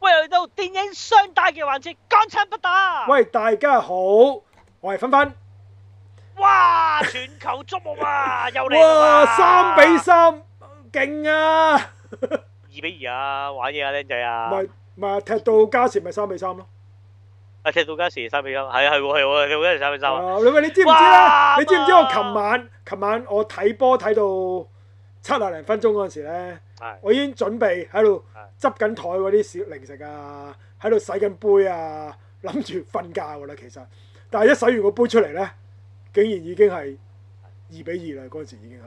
喂，嚟到電影上大嘅環節，港產不打！喂，大家好，我係分分。哇！全球矚目啊，又嚟、啊！哇，三比三，勁啊！二 比二啊，玩嘢啊，靚仔啊！唔係唔係踢到加時咪三比三咯、啊。啊，踢到加時三比三，係啊，係喎、啊，係喎、啊，你會唔會係三比三啊，啊？你問哇你知唔知咧？你知唔知我琴晚琴晚我睇波睇到七十零分鐘嗰陣時咧？我已經準備喺度執緊台嗰啲小零食啊，喺度洗緊杯啊，諗住瞓覺㗎啦，其實。但係一洗完個杯出嚟咧，竟然已經係二比二啦，嗰陣時已經係。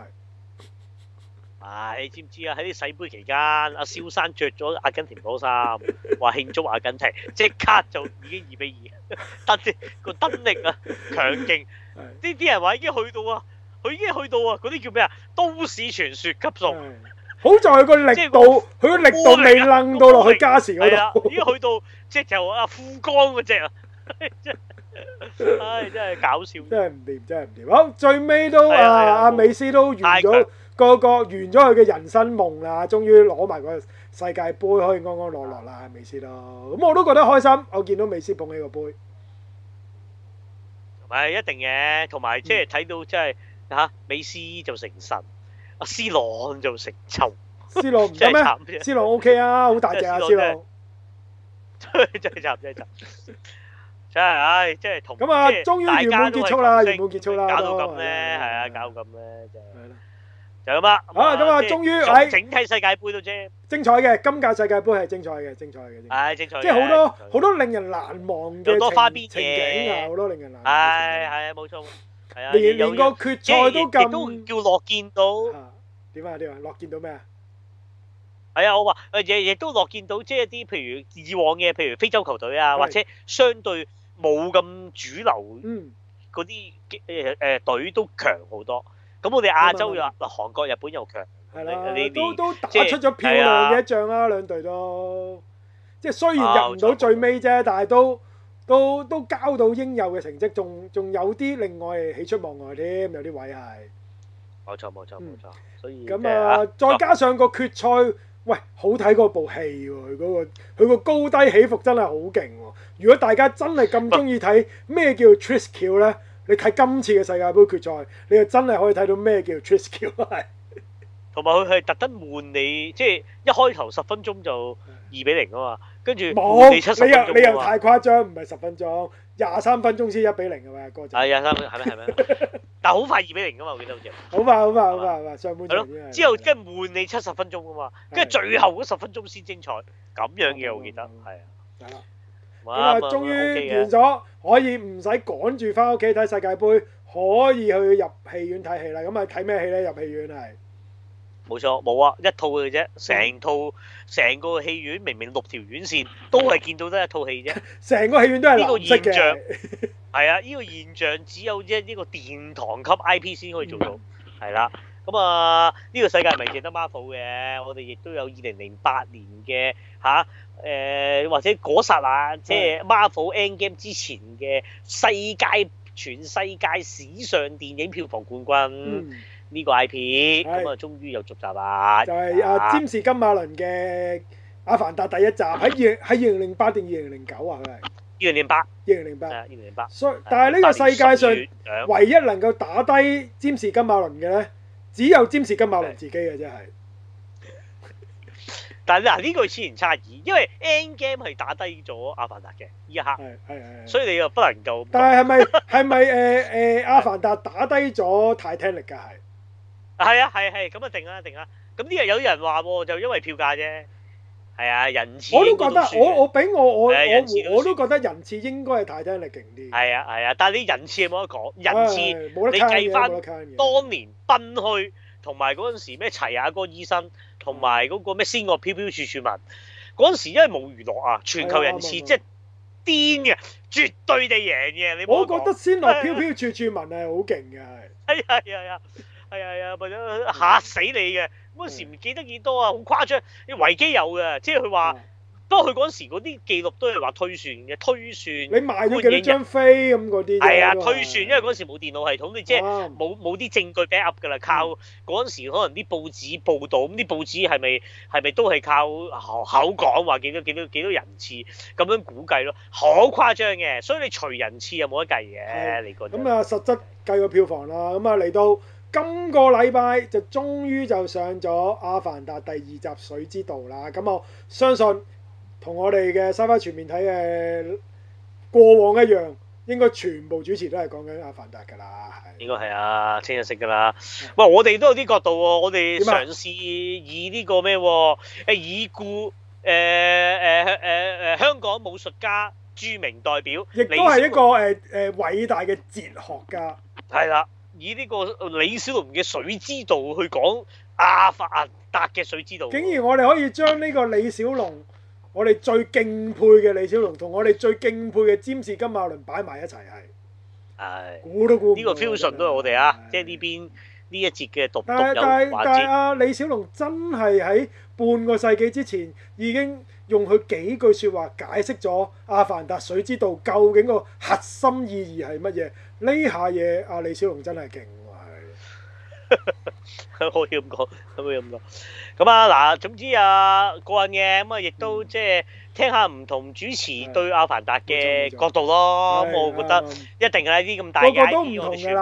唉、啊，你知唔知啊？喺啲洗杯期間，阿蕭生着咗阿根廷波衫，話慶祝阿根廷，即刻就已經二比二，得啲個燈力啊，強勁。呢啲的人話已經去到啊，佢已經去到啊，嗰啲叫咩啊？都市傳說級數。好在佢個力度，佢個力度未掕到落去加時嗰度。依家去到即係由阿富江嗰隻啊，真係搞笑。真係唔掂，真係唔掂。好，最尾都阿阿美斯都完咗個個完咗佢嘅人生夢啦，終於攞埋個世界盃，可以安安樂樂啦，係咪先咯？咁我都覺得開心。我見到美斯捧起個杯，同埋一定嘅，同埋即係睇到即係嚇美斯就成神。阿 C 朗就食臭，C 朗唔得咩？C 朗 OK 啊，好大隻啊 C 朗，真係慘，真係慘，真係唉，真係同咁啊！終於圓滿結束啦，圓滿結束啦，搞到咁咧，係啊，搞到咁咧，就係就咁啦。啊，咁啊，終於係整體世界盃都啫，精彩嘅今屆世界盃係精彩嘅，精彩嘅，唉，精彩，即係好多好多令人難忘嘅多花邊情景啊，好多令人難忘，係係冇錯。係啊，連個決賽都都叫樂見到。嚇點啊？點啊？樂見到咩啊？係啊，我話誒，亦亦都樂見到，即係啲譬如以往嘅，譬如非洲球隊啊，的或者相對冇咁主流，嗰啲誒誒隊都強好多。咁我哋亞洲又嗱，的韓國、日本又強。係啦，都都打出咗漂亮嘅一仗啦、啊，的兩隊都。即係雖然入唔到最尾啫，但係都。都都交到應有嘅成績，仲仲有啲令我哋喜出望外添，有啲位係。冇錯冇錯冇錯，錯嗯、所以咁啊，嗯、再加上個決賽，喂，好睇嗰部戲喎、啊，佢、那、嗰個佢個高低起伏真係好勁喎。如果大家真係咁中意睇咩叫 triskill 呢， 你睇今次嘅世界盃決賽，你就真係可以睇到咩叫 triskill 係。 同埋佢係特登換你，即係一開頭十分鐘就二比零啊嘛，跟住換你七十分鐘啊嘛。你又你又太誇張，唔係十分鐘，廿三分鐘先一比零啊嘛，個字。係廿三分，係咩係咩？但係好快二比零噶嘛，我記得好似。好嘛好嘛好嘛，上半場之後跟住換你七十分鐘啊嘛，跟住最後嗰十分鐘先精彩。咁樣嘅我記得係啊。係啦，咁啊，終於完咗，可以唔使趕住返屋企睇世界盃，可以去入戲院睇戲啦。咁啊，睇咩戲咧？入戲院係。冇錯，冇啊，一套嘅啫，成套成個戲院明明六條院線都係見到得一套戲啫，成個戲院都係呢個現象。係 啊，呢、呢個現象只有即呢個殿堂級 IP 先可以做到。係啦、嗯，咁啊呢、嗯啊呢個世界唔係得 Marvel 嘅，我哋亦都有二零零八年嘅嚇誒，或者果殺啊，即、即係、Marvel Endgame 之前嘅世界，嗯、全世界史上電影票房冠軍。嗯呢個 IP 咁啊，終於有續集啦！就係阿占士金馬倫嘅《阿凡達》第一集，喺二喺二零零八定二零零九啊，二零零八，二零零八，二零零八。所以，但係呢個世界上唯一能夠打低占士金馬倫嘅咧，只有占士金馬倫自己嘅真係。但嗱，呢個自然差異，因為 Endgame 係打低咗《阿凡達》嘅，依一刻，所以你又不能夠。但係係咪係咪誒誒《阿凡達》打低咗 Titanic 㗎？係。係啊，係，係，咁啊，定啊，定啊，咁啲人有啲人話喎，就因為票價啫。係啊，人次我都覺得我我俾我我我我都覺得人次應該係大坦力克勁啲。係啊係啊，但係你人次有冇得講？人次你計返當年奔去同埋嗰陣時咩齊瓦哥醫生同埋嗰個咩仙樂飄飄處處聞嗰陣時，因為冇娛樂啊，全球人次即係癲嘅，絕對地贏嘅。你我覺得仙樂飄飄處處聞係好勁嘅。係啊，係啊。係係啊，者、哎、嚇死你嘅！嗰、嗯、時唔記得幾多啊，好誇張。維基有嘅，即係佢話，不過佢嗰時嗰啲記錄都係話推算嘅，推算。你買咗幾多張飛咁嗰啲？係啊人、哎，推算，因為嗰時冇電腦系統，啊、你即係冇冇啲證據 back up 㗎啦，靠嗰時可能啲報紙報導，咁啲報紙係咪係咪都係靠口口講話幾多幾多幾多人次咁樣估計咯，好誇張嘅。所以你除人次又冇得計嘅，嗯、你嗰啲。咁啊，實質計個票房啦。咁啊，嚟到。今個禮拜就終於就上咗《阿凡達》第二集《水之道》啦，咁我相信同我哋嘅《SciFi 全面睇》嘅過往一樣，應該全部主持都係講緊《阿凡達》噶、啊、啦，應該係啊，青日識清一色噶啦。喂，我哋都有啲角度喎，我哋嘗試以呢個咩喎、啊？誒，已故誒誒誒誒香港武術家著名代表，亦都係一個誒誒說、呃呃、偉大嘅哲學家，係啦。以呢個李小龍嘅水之道去講阿凡達嘅水之道，道，竟然我哋可以將呢個李小龍，我哋最敬佩嘅李小龍，同我哋最敬佩嘅占士金馬倫擺埋一齊，係誒估都估唔到呢個 fusion 都係我哋啊！即係呢邊呢一節嘅獨但又，但係但係阿李小龍真係喺半個世紀之前已經。用佢幾句説話解釋咗《阿凡達水之道》究竟個核心意義係乜嘢？呢下嘢阿李小龍真係勁喎！可以咁講，可以咁講。咁啊嗱，總之啊，個人嘅咁啊，亦、嗯、都即係、嗯、聽下唔同主持對《阿凡達》嘅角度咯、嗯嗯嗯。我覺得一定係，啲咁大個，個個都唔同㗎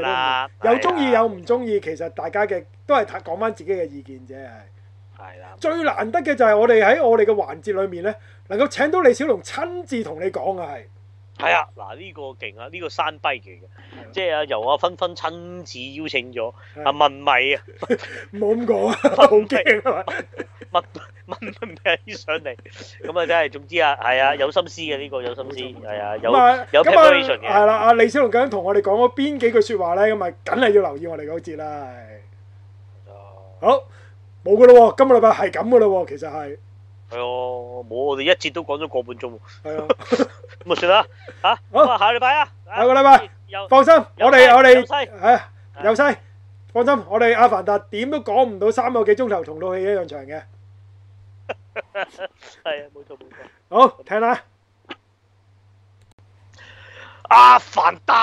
啦，有中意有唔中意，其實大家嘅都係講翻自己嘅意見啫。係啦，最難得嘅就係我哋喺我哋嘅環節裡面咧，能夠請到李小龍親自同你講啊，係係啊，嗱呢個勁啊，呢個山逼嚟嘅，即係啊由啊芬芬親自邀請咗啊文媚啊，冇咁講啊，好驚啊嘛，乜乜文媚上嚟，咁啊真係，總之啊係啊有心思嘅呢個有心思係啊有有 preparation 嘅係啦，阿李小龍今日同我哋講咗邊幾句說話咧，咁咪緊係要留意我哋嗰節啦，好。冇噶啦，今個禮拜係咁噶啦，其實係係啊，冇我哋一節都講咗個半鐘，係啊，咁咪算啦，吓，咁啊下個禮拜啊，下個禮拜，放心，我哋我哋係，有西，放心，我哋阿凡達點都講唔到三個幾鐘頭同套戲一樣長嘅，係啊，冇錯冇錯，好聽啦。阿凡達，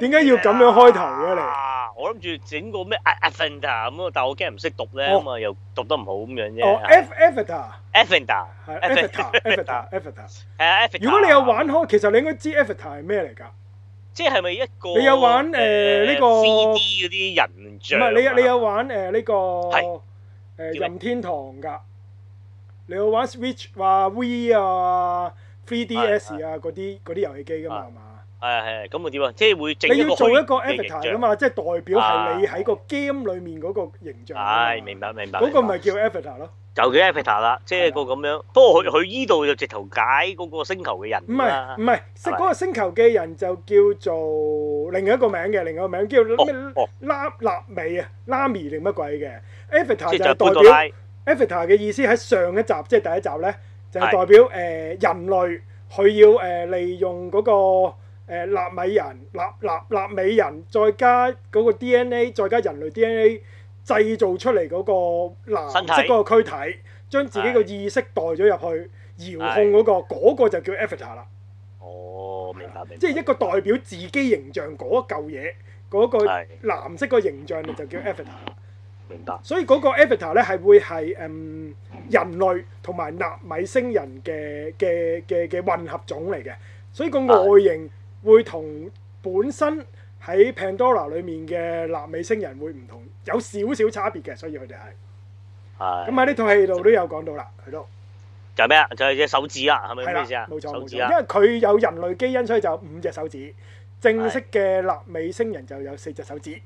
點解要咁樣開頭嘅你？我諗住整個咩阿凡達咁啊，但我驚唔識讀咧啊嘛，又讀得唔好咁樣啫。哦，F Avatar，Avatar 係 Avatar，Avatar，Avatar。誒，如果你有玩開，其實你應該知 Avatar 係咩嚟㗎？即係咪一個？你有玩誒呢個 CD 啲人像？唔係，你有你有玩誒呢個係誒任天堂㗎？你有玩 Switch 話 V 啊？3DS 啊 哎哎 S，嗰啲啲遊戲機噶嘛，係嘛、哎？係、哎、係，咁又點啊？即係會做一個 Avatar 啊嘛，即係代表係你喺個 game 裡面嗰個形象。係、哎，明白明白。嗰個咪叫 Avatar 咯？就叫 Avatar 啦，即係個咁樣。不過佢佢依度就直頭解嗰個星球嘅人。唔係唔係，嗰個星球嘅人就叫做另一個名嘅，另一個名，一個名叫咩？納納美啊，納美定乜鬼嘅？Avatar 就代表 Avatar 嘅意思喺上一集，即係第一集咧。就係代表誒、呃、人類，佢要誒、呃、利用嗰、那個誒、呃、納米人、納納納美人，再加嗰個 DNA，再加人類 DNA 製造出嚟嗰個藍色嗰個軀體，體將自己個意識代咗入去，遙的控嗰、那個嗰的個就叫 Avatar 啦。哦，明白明的即係一個代表自己形象嗰嚿嘢，嗰、那個藍色個形象就叫 Avatar 是的 所以嗰個 Avatar 咧係會係誒，人類同埋納美星人嘅嘅嘅嘅混合種嚟嘅，所以個外形會同本身喺 Pandora 裏面嘅納美星人會唔同，有少少差別嘅。所以佢哋係係咁喺呢套戲度都有講到啦，係咯，就係咩啊？就係隻手指啊，係咪先啊？冇錯，手指，因為佢有人類基因，所以就五隻手指。正式嘅納美星人就有四隻手指。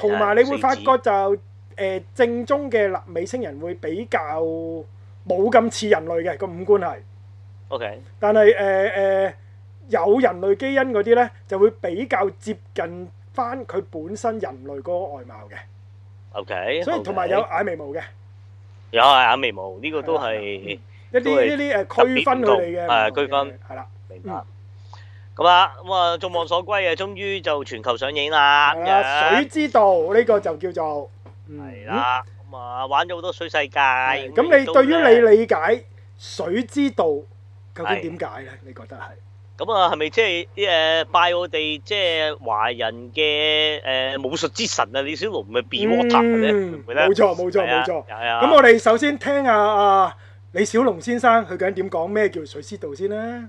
同埋你會發覺就誒正宗嘅納美星人會比較冇咁似人類嘅個五官係。OK。但係誒誒有人類基因嗰啲咧，就會比較接近翻佢本身人類嗰個外貌嘅。OK。所以同埋有眼眉毛嘅。有眼眉毛呢個都係。一啲一啲誒區分佢哋嘅。係區分。好啦，明白。咁啊，咁啊，眾望所歸啊，終於就全球上映啦！係啊，水之道呢個就叫做係啦，咁啊玩咗好多水世界。咁你對於你理解水之道究竟點解咧？你覺得係？咁啊，係咪即係誒拜我哋即係華人嘅誒武術之神啊？李小龍嘅 Be water 咧？冇錯，冇錯，冇錯。咁我哋首先聽下阿阿李小龍先生佢究竟點講咩叫水之道先啦？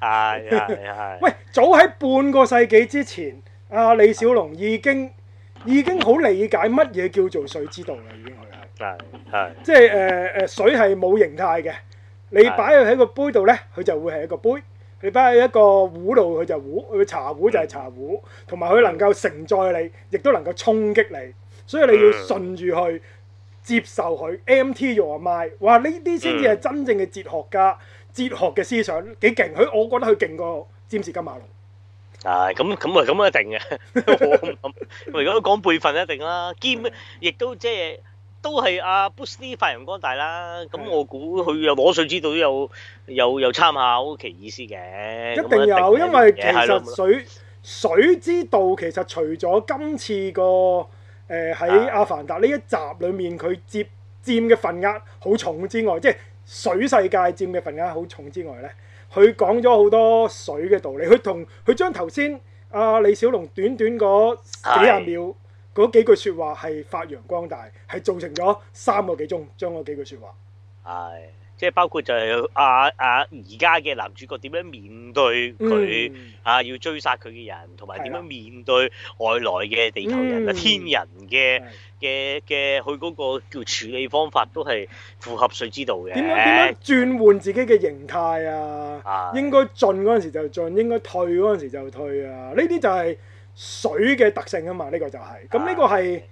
係係， 喂，早喺半個世紀之前，阿、啊、李小龍已經已經好理解乜嘢叫做水之道啦，已經佢係係即係誒誒，水係冇形態嘅，你擺佢喺個杯度呢，佢就會係一個杯；你擺喺一個壺度，佢就壺；佢茶壺就係茶壺，同埋佢能夠承載你，亦都能夠衝擊你，所以你要順住去接受佢。Empty your mind，哇呢啲先至係真正嘅哲學家。哲學嘅思想幾勁，佢我覺得佢勁過占士金馬倫。係咁咁咪咁一定嘅。 我唔我而家都講輩分一定啦。兼亦、 就是、都即係都係阿 Bruce Lee 發揚光大啦。咁的、啊、我估佢有攞水之道有有有參考其意思嘅。一定有，定因為其實水對水之道其實除咗今次個誒喺、呃、阿凡達呢一集裡面佢接佔嘅份額好重之外，即係。水世界佔嘅份額好重之外呢，佢講咗好多水嘅道理。佢同佢將頭先阿李小龍短短嗰幾十秒嗰幾句説話係發揚光大，係造成咗三個幾鐘將嗰幾句説話。哎即係包括就係阿阿而家嘅男主角點樣面對佢、嗯、啊，要追殺佢嘅人，同埋點樣面對外來嘅地球人嘅、嗯、天人嘅嘅嘅，佢嗰、嗯、個叫處理方法都係符合水之道嘅。點樣點樣轉換自己嘅形態啊？啊應該進嗰陣時就進，應該退嗰陣時就退啊！呢啲就係水嘅特性啊嘛，呢、呢個就係、係、咁，呢個係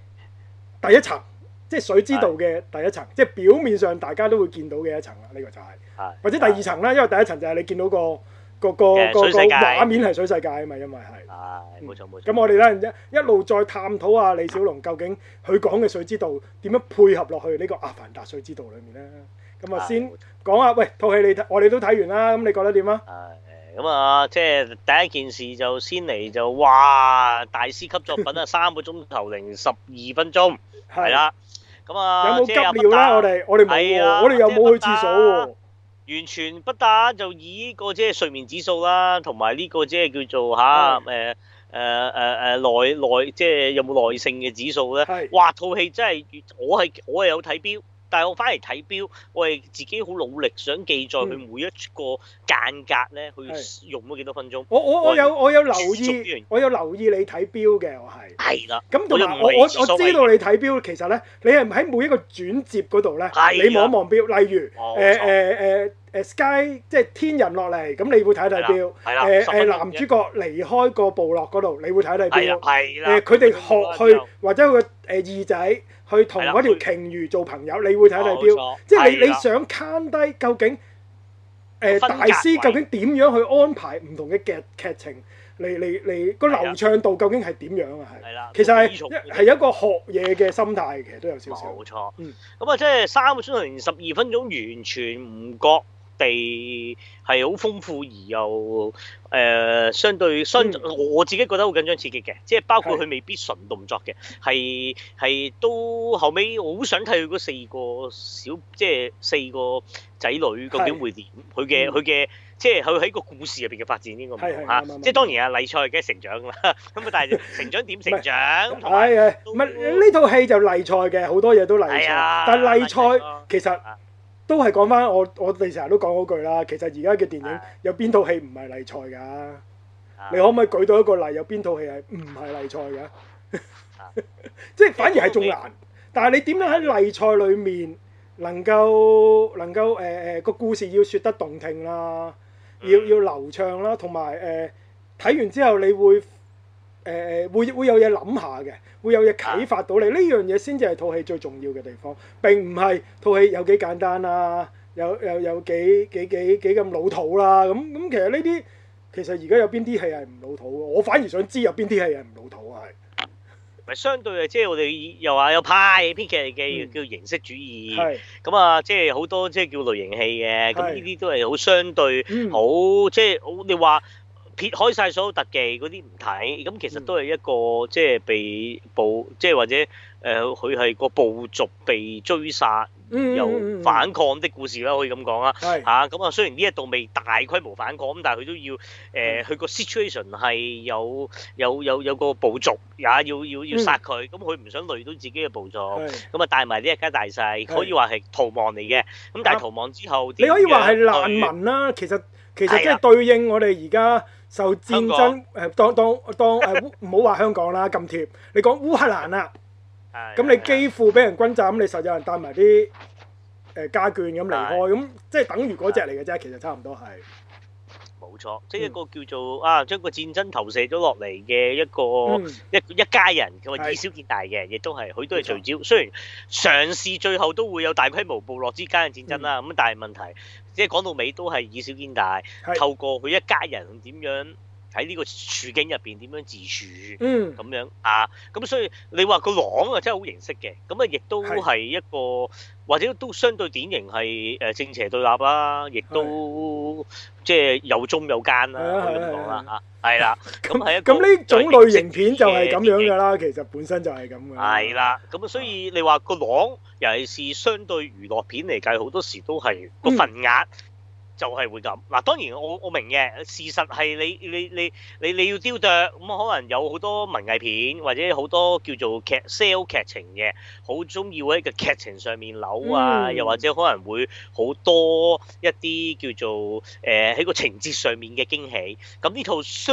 第一層。即係水之道嘅第一層，即係表面上大家都會見到嘅一層啦。呢個就係，或者第二層啦，因為第一層就係你見到個個個個畫面係水世界啊嘛，因為係。係冇錯冇錯。咁我哋咧一一路再探討下李小龍究竟佢講嘅水之道點樣配合落去呢個《阿凡達》水之道裏面咧。咁啊，先講下喂，套戲你我哋都睇完啦，咁你覺得點啊？係咁啊，即係第一件事就先嚟就哇，大師級作品啊，三個鐘頭零十二分鐘，係啦。咁啊，有冇急尿啦？啊、我哋、啊哎、呀我哋冇、啊，我哋又冇去廁所完全不打就以呢、這個即係、就是、睡眠指數啦，同埋呢個即係、就是、叫做吓，誒誒誒誒耐耐即係有冇耐性嘅指數咧。的哇！套戲真係，我係我係有睇錶。但係我翻嚟睇表，我係自己好努力想記載佢每一個間隔咧，佢用咗幾多分鐘。我我我有我有留意，我有留意你睇表嘅，我係。係啦。咁同埋我我我知道你睇表，其實咧，你係喺每一個轉折嗰度咧，你望一望表。例如誒誒誒 Sky，即係天人落嚟，咁你會睇睇表。係啦。誒誒男主角離開個部落嗰度，你會睇睇表。係佢哋學去，或者佢個誒二仔，去同嗰條鯨魚做朋友，的你會睇睇表，錯即係你的你想攤低究竟誒、呃、大師究竟點樣去安排唔同嘅劇劇情，嚟嚟嚟個流暢度究竟係點樣啊？係的，的其實係係有一個學嘢嘅心態，其實都有少少。冇錯，咁啊、嗯，即係三個鐘頭零十二分鐘，完全唔覺。地係好豐富而又誒、呃，相對相，嗯、我自己覺得好緊張刺激嘅，即係包括佢未必純動作嘅，係係是都後尾我好想睇佢嗰四個小，即係四個仔女究竟會點？佢嘅佢嘅，即係佢喺個故事入邊嘅發展應該唔同，啊、即係當、啊、當然啊麗賽嘅成長啦，咁啊但係成長點成長？唔係呢套戲就麗賽嘅好多嘢都麗賽，啊、但係麗賽其實。都係講翻我我哋成日都講嗰句啦，其實而家嘅電影的有邊套戲唔係例賽㗎？啊、你可唔可以舉到一個例？有邊套戲係唔係例賽㗎？ 即係反而係仲難。但係你點樣喺例賽裡面能夠能夠誒誒個故事要説得動聽啦，要要流暢啦，同埋誒睇完之後你會。誒誒、呃、會會有嘢諗下嘅，會有嘢啟發到你。呢樣嘢先至係套戲最重要嘅地方。並唔係套戲有幾簡單啦，有有有幾幾幾幾咁老土啦、啊。咁咁、啊、其實呢啲其實而家有邊啲戲係唔老土？我反而想知有邊啲戲係唔老土啊？係咪相對啊？即、就、係、係、我哋又話有派編劇嘅，嗯、叫形式主義。咁啊係，即係好多即係叫類型戲嘅。咁呢啲都係好相對，好即係你話。撇開晒所有特技嗰啲唔睇，咁其實都係一個即係被捕，即係或者誒佢係個部族被追殺，有反抗的故事啦，可以咁講啦，嚇咁啊。雖然呢一度未大規模反抗，咁但係佢都要誒，佢個 situation 係有有有有個部族也要要要殺佢，咁佢唔想累到自己嘅部族，咁啊帶埋呢一家大細，可以話係逃亡嚟嘅。咁但係逃亡之後，你可以話係難民啦。其實其實即係對應我哋而家。受戰爭誒港，當當當誒唔好話香港啦，咁貼。你講烏克蘭啊，咁 你幾乎俾人軍佔，咁你實有人帶埋啲誒家眷咁離開，咁 即係等於嗰隻嚟嘅啫，其實差唔多係。即係一個叫做啊，將個戰爭投射咗落嚟嘅一個一、嗯、一家人，佢話以小見大嘅，亦都係佢都係聚焦。冇錯、雖然嘗試最後都會有大規模部落之間嘅戰爭啦，咁、嗯、但係問題即係講到尾都係以小見大，嗯、透過佢一家人點樣，喺呢個處境入邊點樣自處，嗯，咁樣啊，咁所以你話個狼啊真係好認識嘅，咁啊亦都係一個是的 或者都相對典型係誒正邪對立啦，亦都是的 即係有中有奸啦，的可以咁講啦嚇，係啦，咁係啊咁呢種類型片就係咁樣㗎啦，其實本身就係咁嘅，係啦的，咁所以你話個狼尤其是相對娛樂片嚟計，好多時都係個份額。嗯嗯就係會咁嗱，當然我我明嘅事實係你你你你你要雕琢咁，可能有好多文藝片或者好多叫做劇 sell 劇情嘅，好中意喺一個劇情上面扭啊，嗯、又或者可能會好多一啲叫做誒喺、呃、個情節上面嘅驚喜，咁呢套相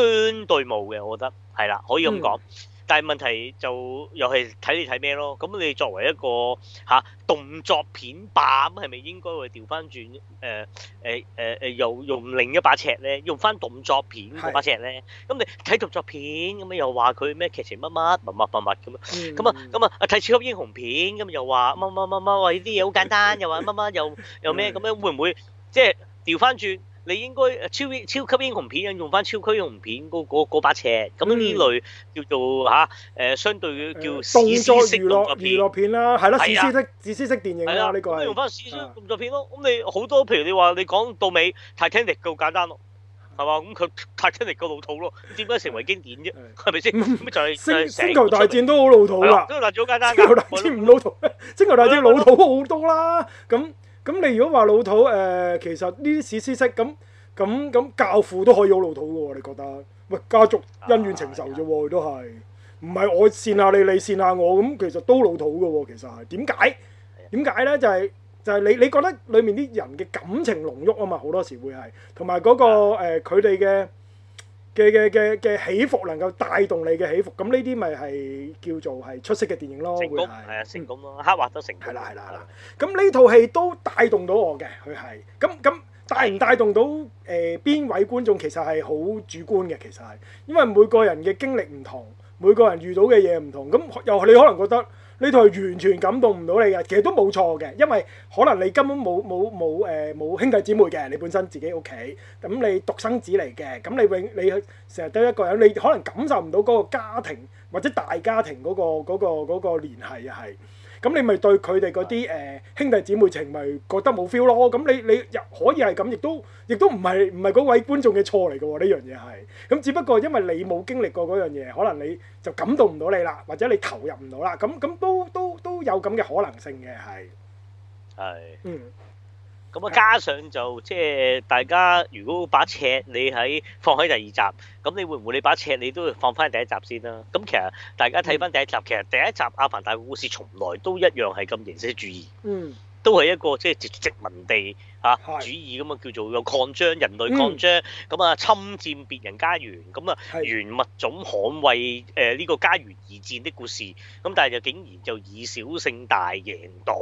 對冇嘅，我覺得係啦，可以咁講。嗯但係問題就又係睇你睇咩咯，咁你作為一個嚇、啊、動作片吧，咁係咪應該會調返轉誒誒誒誒，又用另一把尺咧，用返動作片把尺咧？咁是 你睇動作片咁啊，又話佢咩劇情乜乜乜乜乜咁啊？咁啊咁啊，睇超級英雄片咁又話乜乜乜乜話呢啲嘢好簡單， 又話乜乜又又咩咁咧？會唔會即係、就是、調返轉？你應該超超級英雄片用翻超級英雄片嗰把尺，咁呢類叫做吓，誒，相對叫史詩式娛樂片啦，係啦，史詩式史詩式電影啦，呢個用翻史詩動作片咯。咁你好多譬如你話你講到尾泰坦尼克好簡單咯，係嘛？咁佢泰坦尼克老土咯，點解成為經典啫？係咪先？咩就係星球大戰都好老土啦，星球大戰好簡單，星球大戰唔老土，星球大戰老土好多啦，咁。咁你如果話老土誒，其實呢啲史詩式咁咁咁教父都可以好老土嘅喎，你覺得？喂，家族恩怨情仇啫喎，都係唔係我善下你，你善下我咁，其實都老土嘅喎，其實係點解？點解呢？就係就係你你覺得裡面啲人嘅感情濃郁啊嘛，好多時會係同埋嗰個誒佢哋嘅。嘅嘅嘅嘅起伏能夠帶動你嘅起伏，咁呢啲咪係叫做係出色嘅電影咯。成係啊，先咁咯，刻畫得成功。係啦係啦，咁呢套戲都帶動到我嘅佢係，咁咁帶唔帶動到誒邊、呃、位觀眾其實係好主觀嘅，其實係因為每個人嘅經歷唔同，每個人遇到嘅嘢唔同，咁又你可能覺得。呢套係完全感動唔到你嘅，其實都冇錯嘅，因為可能你根本冇冇冇誒冇兄弟姊妹嘅，你本身自己屋企咁，你獨生子嚟嘅，咁你永你成日都一個人，你可能感受唔到嗰個家庭或者大家庭嗰個嗰個嗰個聯繫係。咁你咪對佢哋嗰啲誒兄弟姊妹情咪覺得冇 feel 咯？咁你你，你可以係咁，亦都亦都唔係唔係嗰位觀眾嘅錯嚟嘅喎？呢樣嘢係咁，只不過因為你冇經歷過嗰樣嘢，可能你就感動唔到你啦，或者你投入唔到啦。咁咁都都都，都有咁嘅可能性嘅係。係。的嗯。咁啊，加上就即係大家，如果把尺你喺放喺第二集，咁你會唔會你把尺你都放翻第一集先啦？咁其實大家睇翻第一集，其實第一集《阿凡達故事》從來都一樣，係咁形式主義。嗯。都係一個即係殖民地嚇、啊、是主義咁啊，叫做有擴張人類擴張咁啊，嗯、侵佔別人家園咁啊，是原物種捍衞誒呢個家園而戰的故事，咁但係就竟然就以小勝大贏到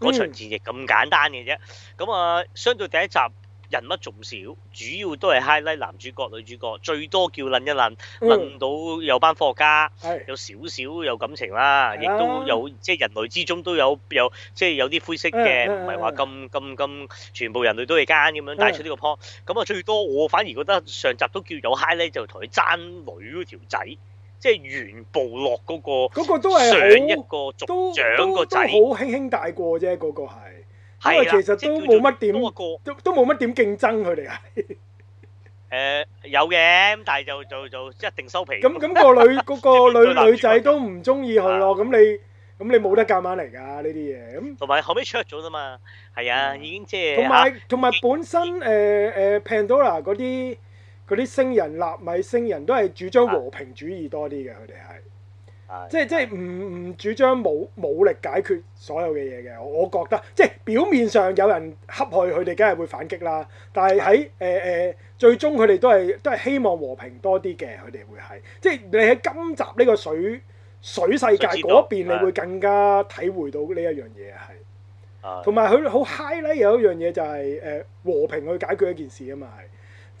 嗰場戰役咁簡單嘅啫，咁、嗯、啊，相對第一集。人物仲少，主要都係 highlight 男主角、女主角，最多叫撚一撚，撚、嗯、到有班科學家，有少少有感情啦，亦、啊、都有即係人類之中都有有即係有啲灰色嘅，唔係話咁咁咁，全部人類都係奸咁樣帶出呢個 plot。咁啊，最多我反而覺得上集都叫有 highlight 就同佢爭女條仔，即、就、係、是、原部落個個都係上一個族長個仔，好輕輕帶過啫，嗰、那個係。因為其實都冇乜點，都都冇乜點競爭佢哋啊。誒有嘅，但係就就就一定收皮。咁 咁、嗰個女嗰、嗰個、女 女仔都唔中意佢咯。咁、啊、你咁你冇得夾硬嚟㗎呢啲嘢。咁同埋後尾出咗啫嘛。係啊，嗯、已經即係同埋同埋本身誒誒 Pandora 嗰啲嗰啲星人納米星人都係主張和平主義多啲嘅，佢哋係。即係即係唔唔主張武武力解決所有嘅嘢嘅，我覺得即係表面上有人恰佢，佢哋梗係會反擊啦。但係喺誒誒，最終佢哋都係都係希望和平多啲嘅，佢哋會係。即係你喺今集呢個水水世界嗰邊，你會更加體會到呢一樣嘢係。同埋佢好 highlight 有一樣嘢就係、是、誒、呃、和平去解決一件事啊嘛係。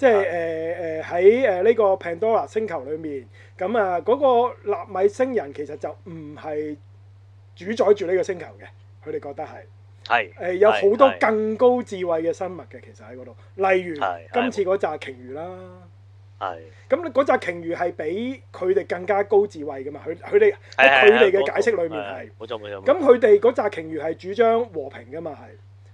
即係誒誒喺誒呢個 Pandora 星球裏面，咁啊嗰個納米星人其實就唔係主宰住呢個星球嘅，佢哋覺得係係有好多更高智慧嘅生物嘅，其實喺嗰度，例如今次嗰扎鯨魚啦，係咁嗰扎鯨魚係比佢哋更加高智慧噶嘛，佢佢哋喺佢哋嘅解釋裏面係，咁佢哋嗰扎鯨魚係主張和平噶嘛，係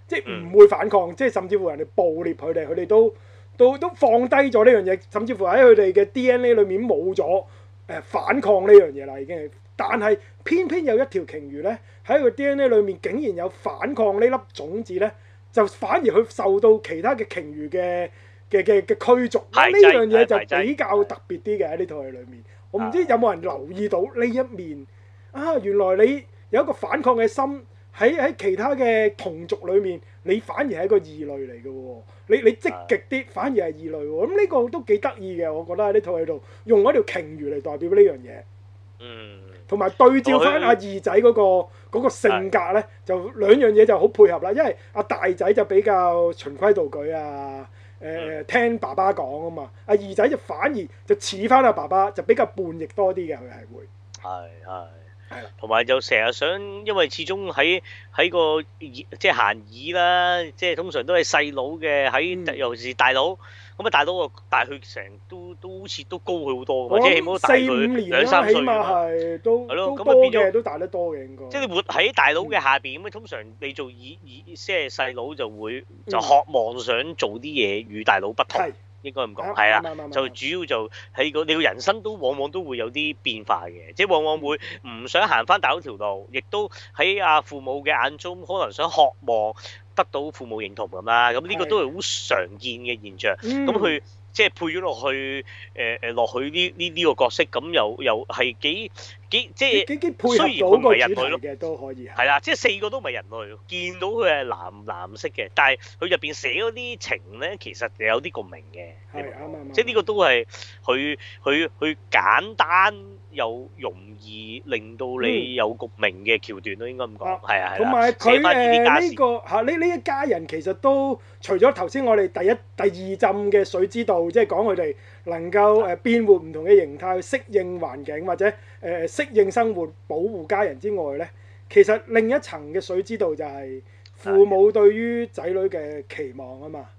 即係唔會反抗，即係、嗯、甚至乎人哋捕獵。佢哋，佢哋都。都都放低咗呢樣嘢，甚至乎喺佢哋嘅 DNA 裏面冇咗誒反抗呢樣嘢啦，已經係。但係偏偏有一條鯨魚呢，喺佢 DNA 裏面竟然有反抗呢粒種子呢，就反而佢受到其他嘅鯨魚嘅嘅嘅嘅驅逐。呢樣嘢就比較特別啲嘅喺呢套戲裏面。我唔知有冇人留意到呢一面啊？原來你有一個反抗嘅心。喺喺其他嘅同族裏面，你反而係一個異類嚟嘅喎。你你積極啲，是的 反而係異類喎、哦。咁、嗯、呢、這個都幾得意嘅，我覺得喺呢套戲度用一條鯨魚嚟代表呢樣嘢。同埋、嗯、對照翻阿二仔嗰、那個哦、個性格呢，是的 就兩樣嘢就好配合啦。因為阿大仔就比較循規蹈矩啊，誒、呃嗯、聽爸爸講啊嘛。阿二仔就反而就似翻阿爸爸，就比較叛逆多啲嘅。佢係會係的同埋就成日想，因為始終喺喺個二即係行二啦，即係通常都係細佬嘅喺，嗯、尤其是大佬咁、哦、啊，大佬啊，但係佢成都都好似都高佢好多，或者起碼都大佢兩三歲。係，都係咯，咁啊的變咗都大得多嘅應該。嗯、即係你活喺大佬嘅下邊咁啊，通常你做二二即係細佬就會、嗯、就渴望想做啲嘢與大佬不同。的應該咁講，係啦，就主要就喺個你個人生都往往都會有啲變化嘅，即係往往會唔想行翻大嗰條路，亦都喺阿父母嘅眼中，可能想渴望得到父母認同咁啦，咁呢個都係好常見嘅現象，咁佢的。他即係配咗落去，誒誒落去呢呢呢個角色，咁又又係幾幾，即係雖然佢唔係人類嘅都可以。係啦，即係四個都唔係人類，見到佢係藍藍色嘅，但係佢入邊寫嗰啲情咧，其實有啲共鳴嘅。係啱啱。即係呢個都係佢佢佢簡單。有容易令到你有共鳴嘅橋段都、嗯、應該咁講，同埋佢呢個嚇呢呢一家人其實都除咗頭先我哋第一第二浸嘅水之道，即、就、係、是、講佢哋能夠誒、呃、變換唔同嘅形態去適應環境或者誒、呃、適應生活保護家人之外呢，其實另一層嘅水之道就係父母對於仔女嘅期望啊嘛。嗯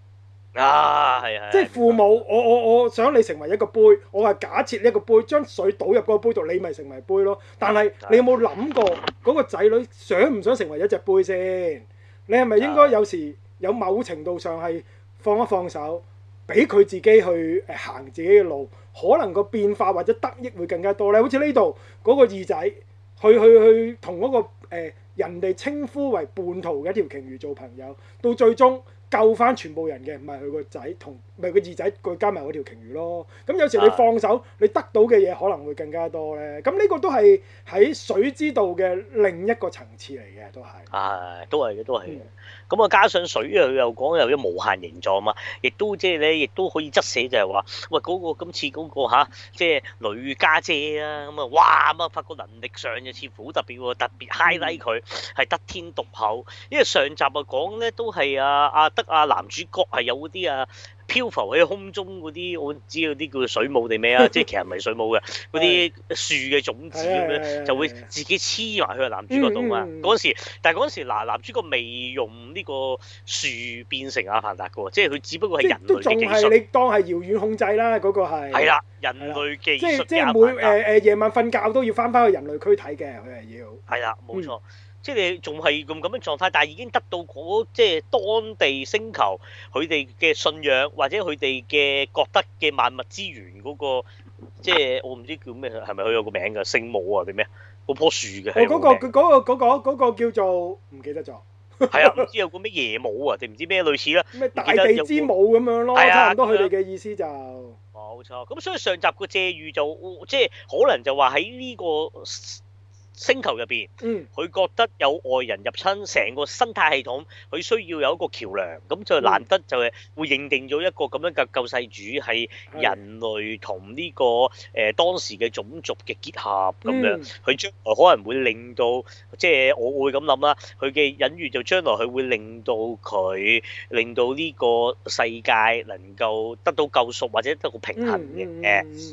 啊，即係父母，我我我想你成為一個杯，我係假設呢一個杯將水倒入嗰個杯度，你咪成為杯咯。但係你有冇諗過嗰個仔女想唔想成為一隻杯先？你係咪應該有時有某程度上係放一放手，俾佢自己去、呃、行自己嘅路，可能個變化或者得益會更加多咧？好似呢度嗰個二仔，去去去同嗰、個、呃、人哋稱呼為叛徒嘅一條鯨魚做朋友，到最終。救翻全部人嘅，唔係佢個仔同，唔係佢二仔，佢加埋嗰條鯨魚咯。咁有時你放手，啊、你得到嘅嘢可能會更加多呢。咁呢個都係喺水之道嘅另一個層次嚟嘅，都係。係、啊，都係嘅，都係嘅。嗯咁啊，加上水佢又講有啲無限形狀嘛，亦都即係咧，亦都可以側寫就係話，喂嗰個今次嗰個即係女家姐啊，咁啊，哇咁啊，發覺能力上就似乎好特別喎，特別 highlight 佢係得天獨厚，因為上集呢啊講咧都係阿阿德阿男主角係有啲啊。漂浮喺空中嗰啲，我唔知嗰啲叫做水母定咩啊？ 即係其實唔係水母嘅，嗰啲樹嘅種子咁樣，就會自己黐埋去個男主角度啊、嗯！嗰陣時，但係嗰陣時，嗱男主角未用呢個樹變成阿、啊、凡達嘅喎，即係佢只不過係人類嘅技術。都仲係你當係遙遠控制啦，嗰、那個係。係啦，人類技術、啊、即係每誒誒夜晚瞓覺都要翻返去人類區睇嘅，佢係要。係啦、嗯，冇錯。即係你仲係咁咁嘅狀態，但係已經得到嗰、嗰個、即係當地星球佢哋嘅信仰或者佢哋嘅覺得嘅萬物之源嗰、嗰個，即係我唔知叫咩，係咪佢有個名㗎？聖母啊定咩啊？嗰棵樹嘅。哦，嗰、嗰個嗰、嗰個嗰個嗰個叫做唔記得咗。係 啊，唔知有個咩耶母啊定唔知咩類似啦。咩大地之母咁樣咯，差唔多佢哋嘅意思就係。冇錯，咁所以上集個借喻就即係可能就話喺呢個星球入邊，佢覺得有外人入侵，成個生態系統佢需要有一個橋梁，咁就難得就係會認定咗一個咁樣嘅救世主係人類同呢、這個誒、呃、當時嘅種族嘅結合咁樣，佢將來可能會令到，即係我會咁諗啦，佢嘅隱喻就將來佢會令到佢令到呢個世界能夠得到救贖或者得到平衡嘅，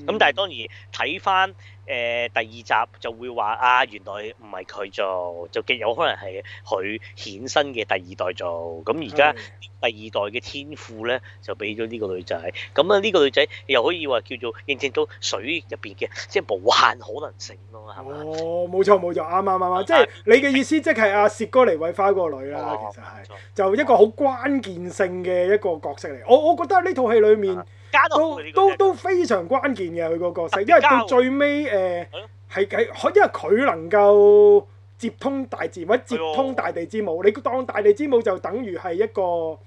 咁但係當然睇返。誒第二集就會話啊，原來唔係佢做，就極有可能係佢衍生嘅第二代做。咁而家第二代嘅天賦咧，就俾咗呢個女仔。咁啊，呢個女仔又可以話叫做認證到水入邊嘅即係無限可能性咯，係咪？哦，冇錯冇錯，啱啱啱啱，即係是、嗯、你嘅意思即，即係阿薛哥嚟搵返個女啦。其實係錯就一個好關鍵性嘅一個角色嚟。我我覺得呢套戲裡面，啊都都都非常關鍵嘅佢個角色，因為佢最尾誒係係因為佢能夠接通大自然，或者、嗯、接通大地之母。你當大地之母就等於係一個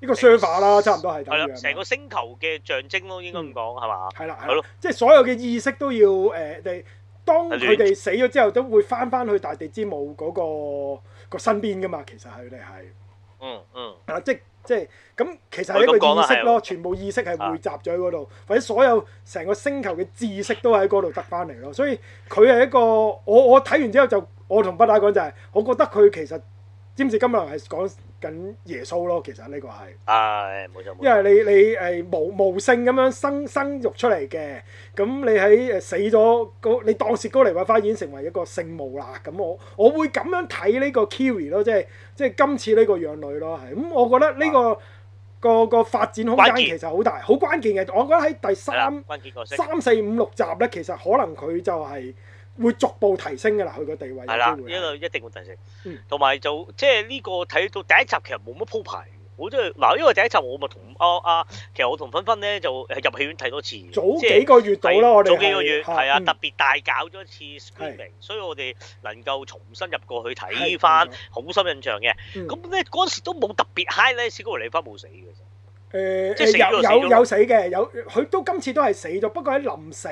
一個 server 啦，差唔多係咁樣。成、嗯、吧個星球嘅象徵咯，應該咁講係嘛？係啦、嗯，係咯吧，的即係所有嘅意識都要、呃、你當佢哋死咗之後，都會翻翻去大地之母嗰、那個、個身邊噶嘛。其實佢哋係嗯嗯，係、嗯、啦，即係、嗯。嗯即係咁，其實係一個意識咯，全部意識係匯集咗喺嗰度，啊、或者所有成個星球嘅知識都喺嗰度得翻嚟咯。所以佢係一個我我睇完之後就我同不打講就係、是，我覺得佢其實占士金馬倫係講緊耶穌咯，其實呢個係、啊，因為你你誒無無性咁樣生生育出嚟嘅，咁你喺誒死咗你當時高尼瓦花已經成為一個聖母啦，咁我我會咁樣睇呢個 Kiri 咯，即係即係今次呢個養女咯，係咁我覺得呢、呢個、啊、個個發展空間其實好大，好關鍵嘅，我覺得喺第三三四五六集咧，其實可能佢就係、係。會逐步提升嘅啦，佢個地位係啦，一路一定會提升。嗯，同埋就即係呢個睇到第一集其實冇乜鋪排，好，真係嗱，因為第一集我咪同阿其實我同芬芬咧就入戲院睇多次，早幾個月到啦，我哋早幾個月係啊，特別大搞咗一次 screening，所以我哋能夠重新入過去睇翻好深印象嘅。咁咧嗰陣時都冇特別 high 咧，絲歌妮韋花冇死嘅啫。誒，即係有有有死嘅，有佢都今次都係死咗，不過喺臨死。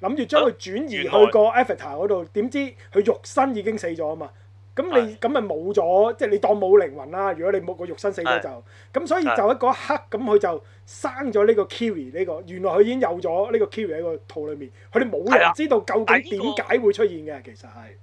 諗住將佢轉移去個 Avatar 嗰度，點知佢肉身已經死咗啊嘛？咁你咁咪冇咗，即係你當冇靈魂啦。如果你冇個肉身死咗就，咁所以就喺嗰一刻，咁佢就生咗呢個 Kiri 呢個。原來佢已經有咗呢個 Kiri 喺個肚裡面，佢哋冇人知道究竟點解會出現嘅，其實係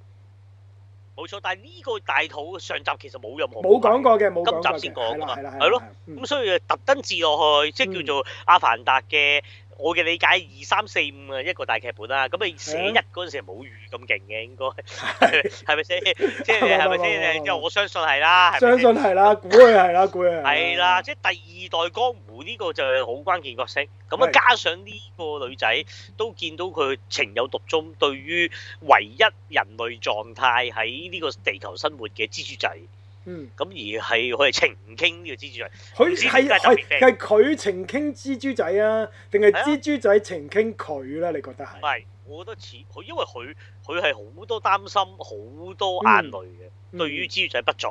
冇錯。但係呢個大肚上集其實冇入冇講過嘅，冇講過今集先講㗎嘛。係咯，咁所以特登自我去，即係叫做《阿凡達》嘅。我嘅理解，二三四五啊，一個大劇本啦。咁你寫日嗰陣時冇雨咁勁嘅，應該係咪先？即係係咪先？即係我相信係啦，相信係啦，估係係啦，估係係啦。即係第二代江湖呢個就係好關鍵角色。咁啊，加上呢個女仔都見到佢情有獨鍾，對於唯一人類狀態喺呢個地球生活嘅蜘蛛仔。嗯，咁而係佢係情傾呢個蜘蛛仔，佢係係佢情傾蜘蛛仔啊，定係蜘蛛仔情傾佢啦？你覺得係？唔係，我覺得似佢，因為佢佢係好多擔心，好多眼淚嘅。嗯嗯、對於蜘蛛仔不在，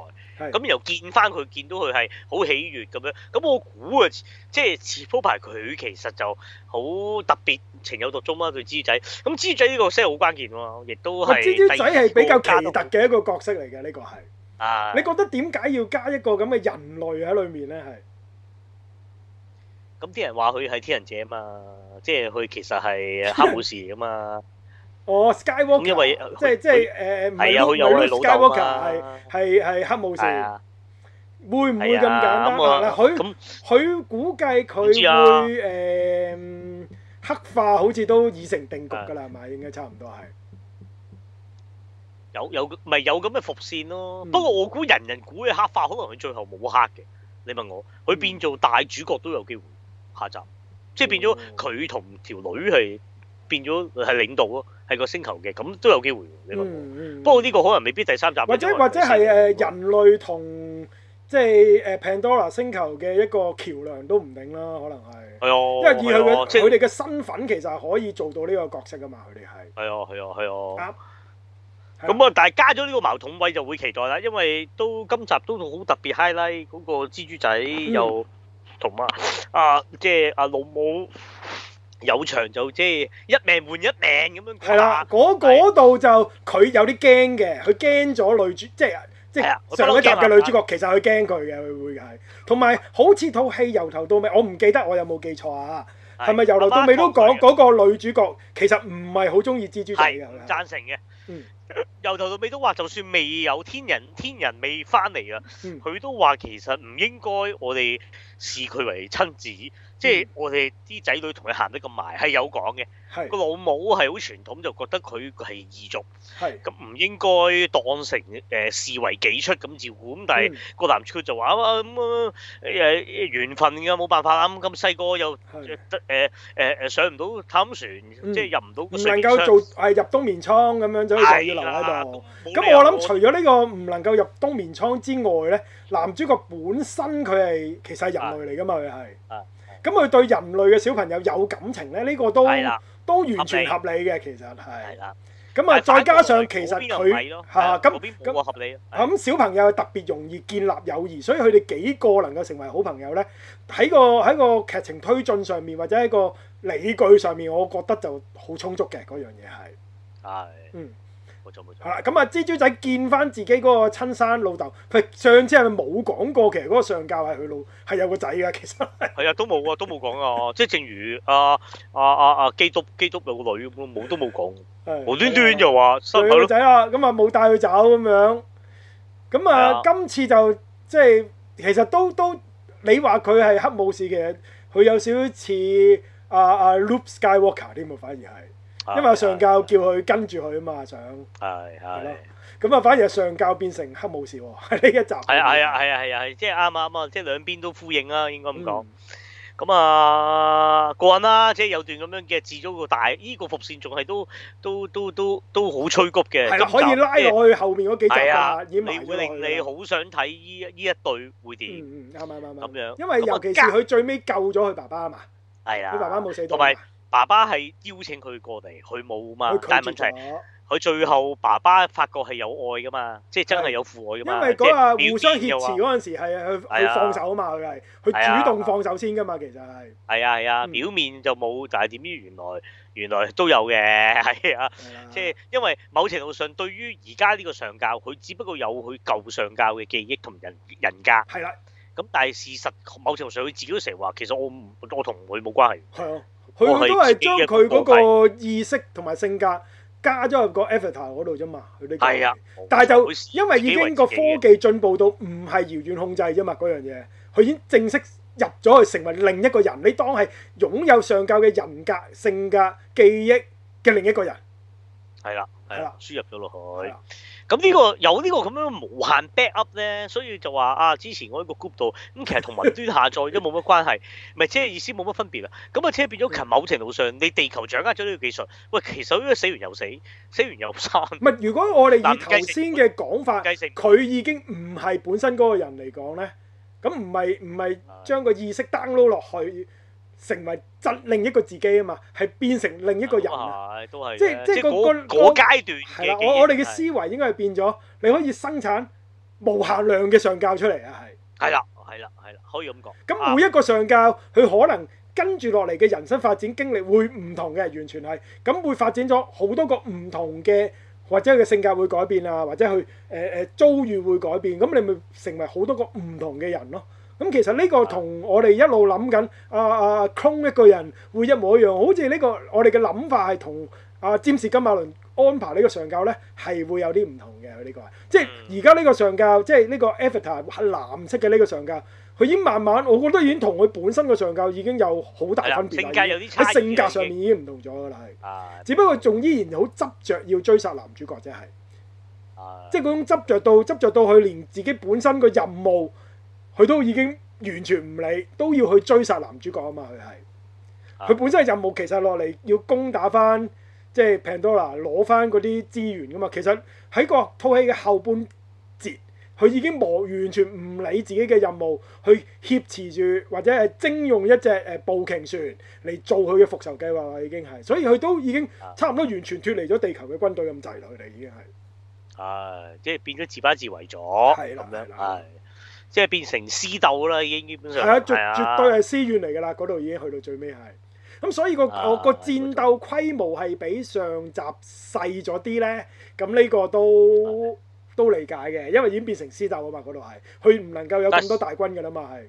咁又是見翻佢，見到佢係好喜悅咁樣。咁我估啊，即係似鋪排佢其實就好特別情有獨鍾啦對蜘蛛仔。咁蜘蛛仔呢個角色好關鍵喎、啊，亦都係蜘蛛仔係比較奇特嘅一個角色嚟嘅，呢、呢個係。你覺得點解要加一個咁嘅人類喺裏面咧？係咁啲人話佢係天人者啊嘛，即係佢其實係黑武士啊嘛。哦，Skywalker，因為即係即係誒，係啊，佢有 Skywalker 佢老豆啊，係係係黑武士。會唔會咁簡單啊？佢佢估計佢會誒黑化，好似都已成定局噶啦，係嘛？應該差唔多係。有有唔係有咁嘅伏線咯。不過我估人人估嘅黑化，可能佢最後冇黑嘅。你問我，佢變做大主角都有機會下集，即係變咗佢同條女係變咗係領導咯，係個星球嘅，咁都有機會。你問我。不過呢個可能未必第三集或者或者係誒人類同即係誒 Pandora 星球嘅一個橋梁都唔定啦，可能係。係哦。因為以佢佢哋嘅身份其實係可以做到呢個角色㗎嘛，佢哋係。係啊，係啊，係啊。咁啊！但係加咗呢個矛盾位就會期待啦，因為都今集都好特別 highlight 嗰個蜘蛛仔又同埋啊，即係阿老母有場就即係一命換一命咁樣。係啦，嗰度就佢有啲驚嘅，佢驚咗女主，即係即係上一集嘅女主角，其實佢驚佢嘅，會唔會係同埋好似套戲由頭到尾，我唔記得我有冇記錯啊？係咪由頭到尾都講嗰個女主角其實唔係好中意蜘蛛仔嘅？贊成嘅，嗯。由頭到尾都話，就算未有天人，天人未翻嚟啊，佢都話其實唔應該我哋視佢為親子。即係我哋啲仔女同佢行得咁埋係有講嘅，個老母係好傳統就覺得佢係異族，咁唔應該當成誒視為己出咁照顧。咁但係個男主角就話啊咁啊誒緣分㗎，冇辦法啦。咁咁細個又誒誒誒上唔到貪船，即係入唔到唔能夠做係入冬眠倉咁樣就要留喺度。咁我諗除咗呢個唔能夠入冬眠倉之外咧，男主角本身佢係其實係人類嚟㗎嘛，佢係。咁佢對人類嘅小朋友有感情咧，呢、呢個都的都完全合理嘅，的其實係。咁啊的，再加上其實佢咁小朋友特別容易建立友誼，所以佢哋幾個能夠成為好朋友呢，喺個喺個劇情推進上面或者喺個理據上面，我覺得就好充足嘅嗰樣嘢係。的嗯。.係啦，咁啊、嗯，蜘蛛仔見翻自己嗰個親生老豆，佢上次係冇講過，其實嗰個上教係佢老係有個仔嘅，其實係 啊，都冇啊，都冇講的、嗯、啊，即係正如阿阿阿阿基督基督有個女咁冇都冇講，無端端就話衰路仔啊，咁啊冇帶佢走。」咁樣，咁啊今次就即係其實都都，都你話佢係黑武士，嘅實佢有少少似啊阿 Luke Skywalker 添啊，反而係。因為上教叫佢跟住佢啊嘛，想係係咁啊，反而上教變成黑武士喎，呢一集係啊係啊係啊係啊，即係啱啊啱啊，即係兩邊都呼應啦，應該咁講。咁啊個人啦，即係有段咁樣嘅，至咗個大依個伏線，仲係都都都都都好催谷嘅。係可以拉落去後面嗰幾集啊，你會令你好想睇依依一對會點咁樣？因為尤其是佢最尾救咗佢爸爸啊嘛，係啦，佢爸爸冇死到。爸爸係邀請佢過嚟，佢冇嘛。但係問題佢最後爸爸發覺係有愛噶嘛，即係真係有父愛噶嘛。因為嗰互相挾持嗰陣時係佢放手啊嘛，佢係佢主動放手先噶嘛，其實係。係啊係啊，表面就冇，但係點知原來原來都有嘅係啊。即係因為某程度上，對於而家呢個上教，佢只不過有佢舊上教嘅記憶同人人格。係啦。咁但係事實某程度上，佢自己都成日話，其實我唔我同佢冇關係。佢都係將佢嗰個意識同埋性格加咗入個 avatar 嗰度啫嘛，佢啲記憶。係啊，但係就因為已經個科技進步到唔係遙遠控制啫嘛，嗰樣嘢，佢已經正式入咗去成為另一個人。你當係擁有上舊嘅人格、性格、記憶嘅另一個人。係啦，係啦，輸入咗落去。咁呢個有呢個咁樣無限 back up 咧，所以就話啊，之前我喺個 group 度咁，其實同雲端下載都冇乜關係，咪即係意思冇乜分別啦。咁啊，即係變咗，其實某程度上你地球掌握咗呢個技術。喂，其實如果死完又死，死完又生，唔係如果我哋以頭先嘅講法計數，佢已經唔係本身嗰個人嚟講咧，咁唔係唔係將個意識 download 落去。成為真另一個自己啊嘛，係變成另一個人，即係即係個個階段嘅。係啦，我我哋嘅思維應該係變咗，你可以生產無限量嘅上教出嚟啊！係，係啦，係啦，係啦，可以咁講。咁每一個上教，佢可能跟住落嚟嘅人生發展經歷會唔同嘅，完全係。咁會發展咗好多個唔同嘅，或者佢嘅性格會改變啊，或者佢誒誒遭遇會改變。咁你咪成為好多個唔同嘅人咯。咁其實呢個同我哋一路諗緊阿 Clone 一個人會一模一樣，好似呢個我哋嘅諗法係同阿占士金馬倫安排呢個上教呢係會有啲唔同嘅佢呢個，即係而家呢個上教即係呢個 Avatar 係藍色嘅呢個上教，佢已經慢慢我覺得已經同佢本身嘅上教已經有好大分別啦。喺性，性格上面已經唔同咗啦，係的。的只不過仲依然好執着要追殺男主角，即係。即係嗰種執著到執着到佢連自己本身個任務。佢都已經完全唔理，都要去追殺男主角啊嘛！佢係佢本身任務其實落嚟要攻打翻，即係 Pandora 攞翻嗰啲資源㗎嘛。其實喺個套戲嘅後半節，佢已經磨完全唔理自己嘅任務，去挾持住或者係徵用一隻誒捕鯨船嚟做佢嘅復仇計劃啦。已經係，所以佢都已經差唔多完全脫離咗地球嘅軍隊咁制啦。佢哋已經係係、啊、即係變咗自把自為咗咁樣係。即係變成私鬥啦，已經基本上係啊，絕絕對係私怨嚟㗎啦，嗰度已經去到最尾係。咁所以個、啊、個戰鬥規模係比上集細咗啲呢。咁呢個都的都理解嘅，因為已經變成私鬥啊嘛，嗰度係佢唔能夠有咁多大軍㗎啦嘛係。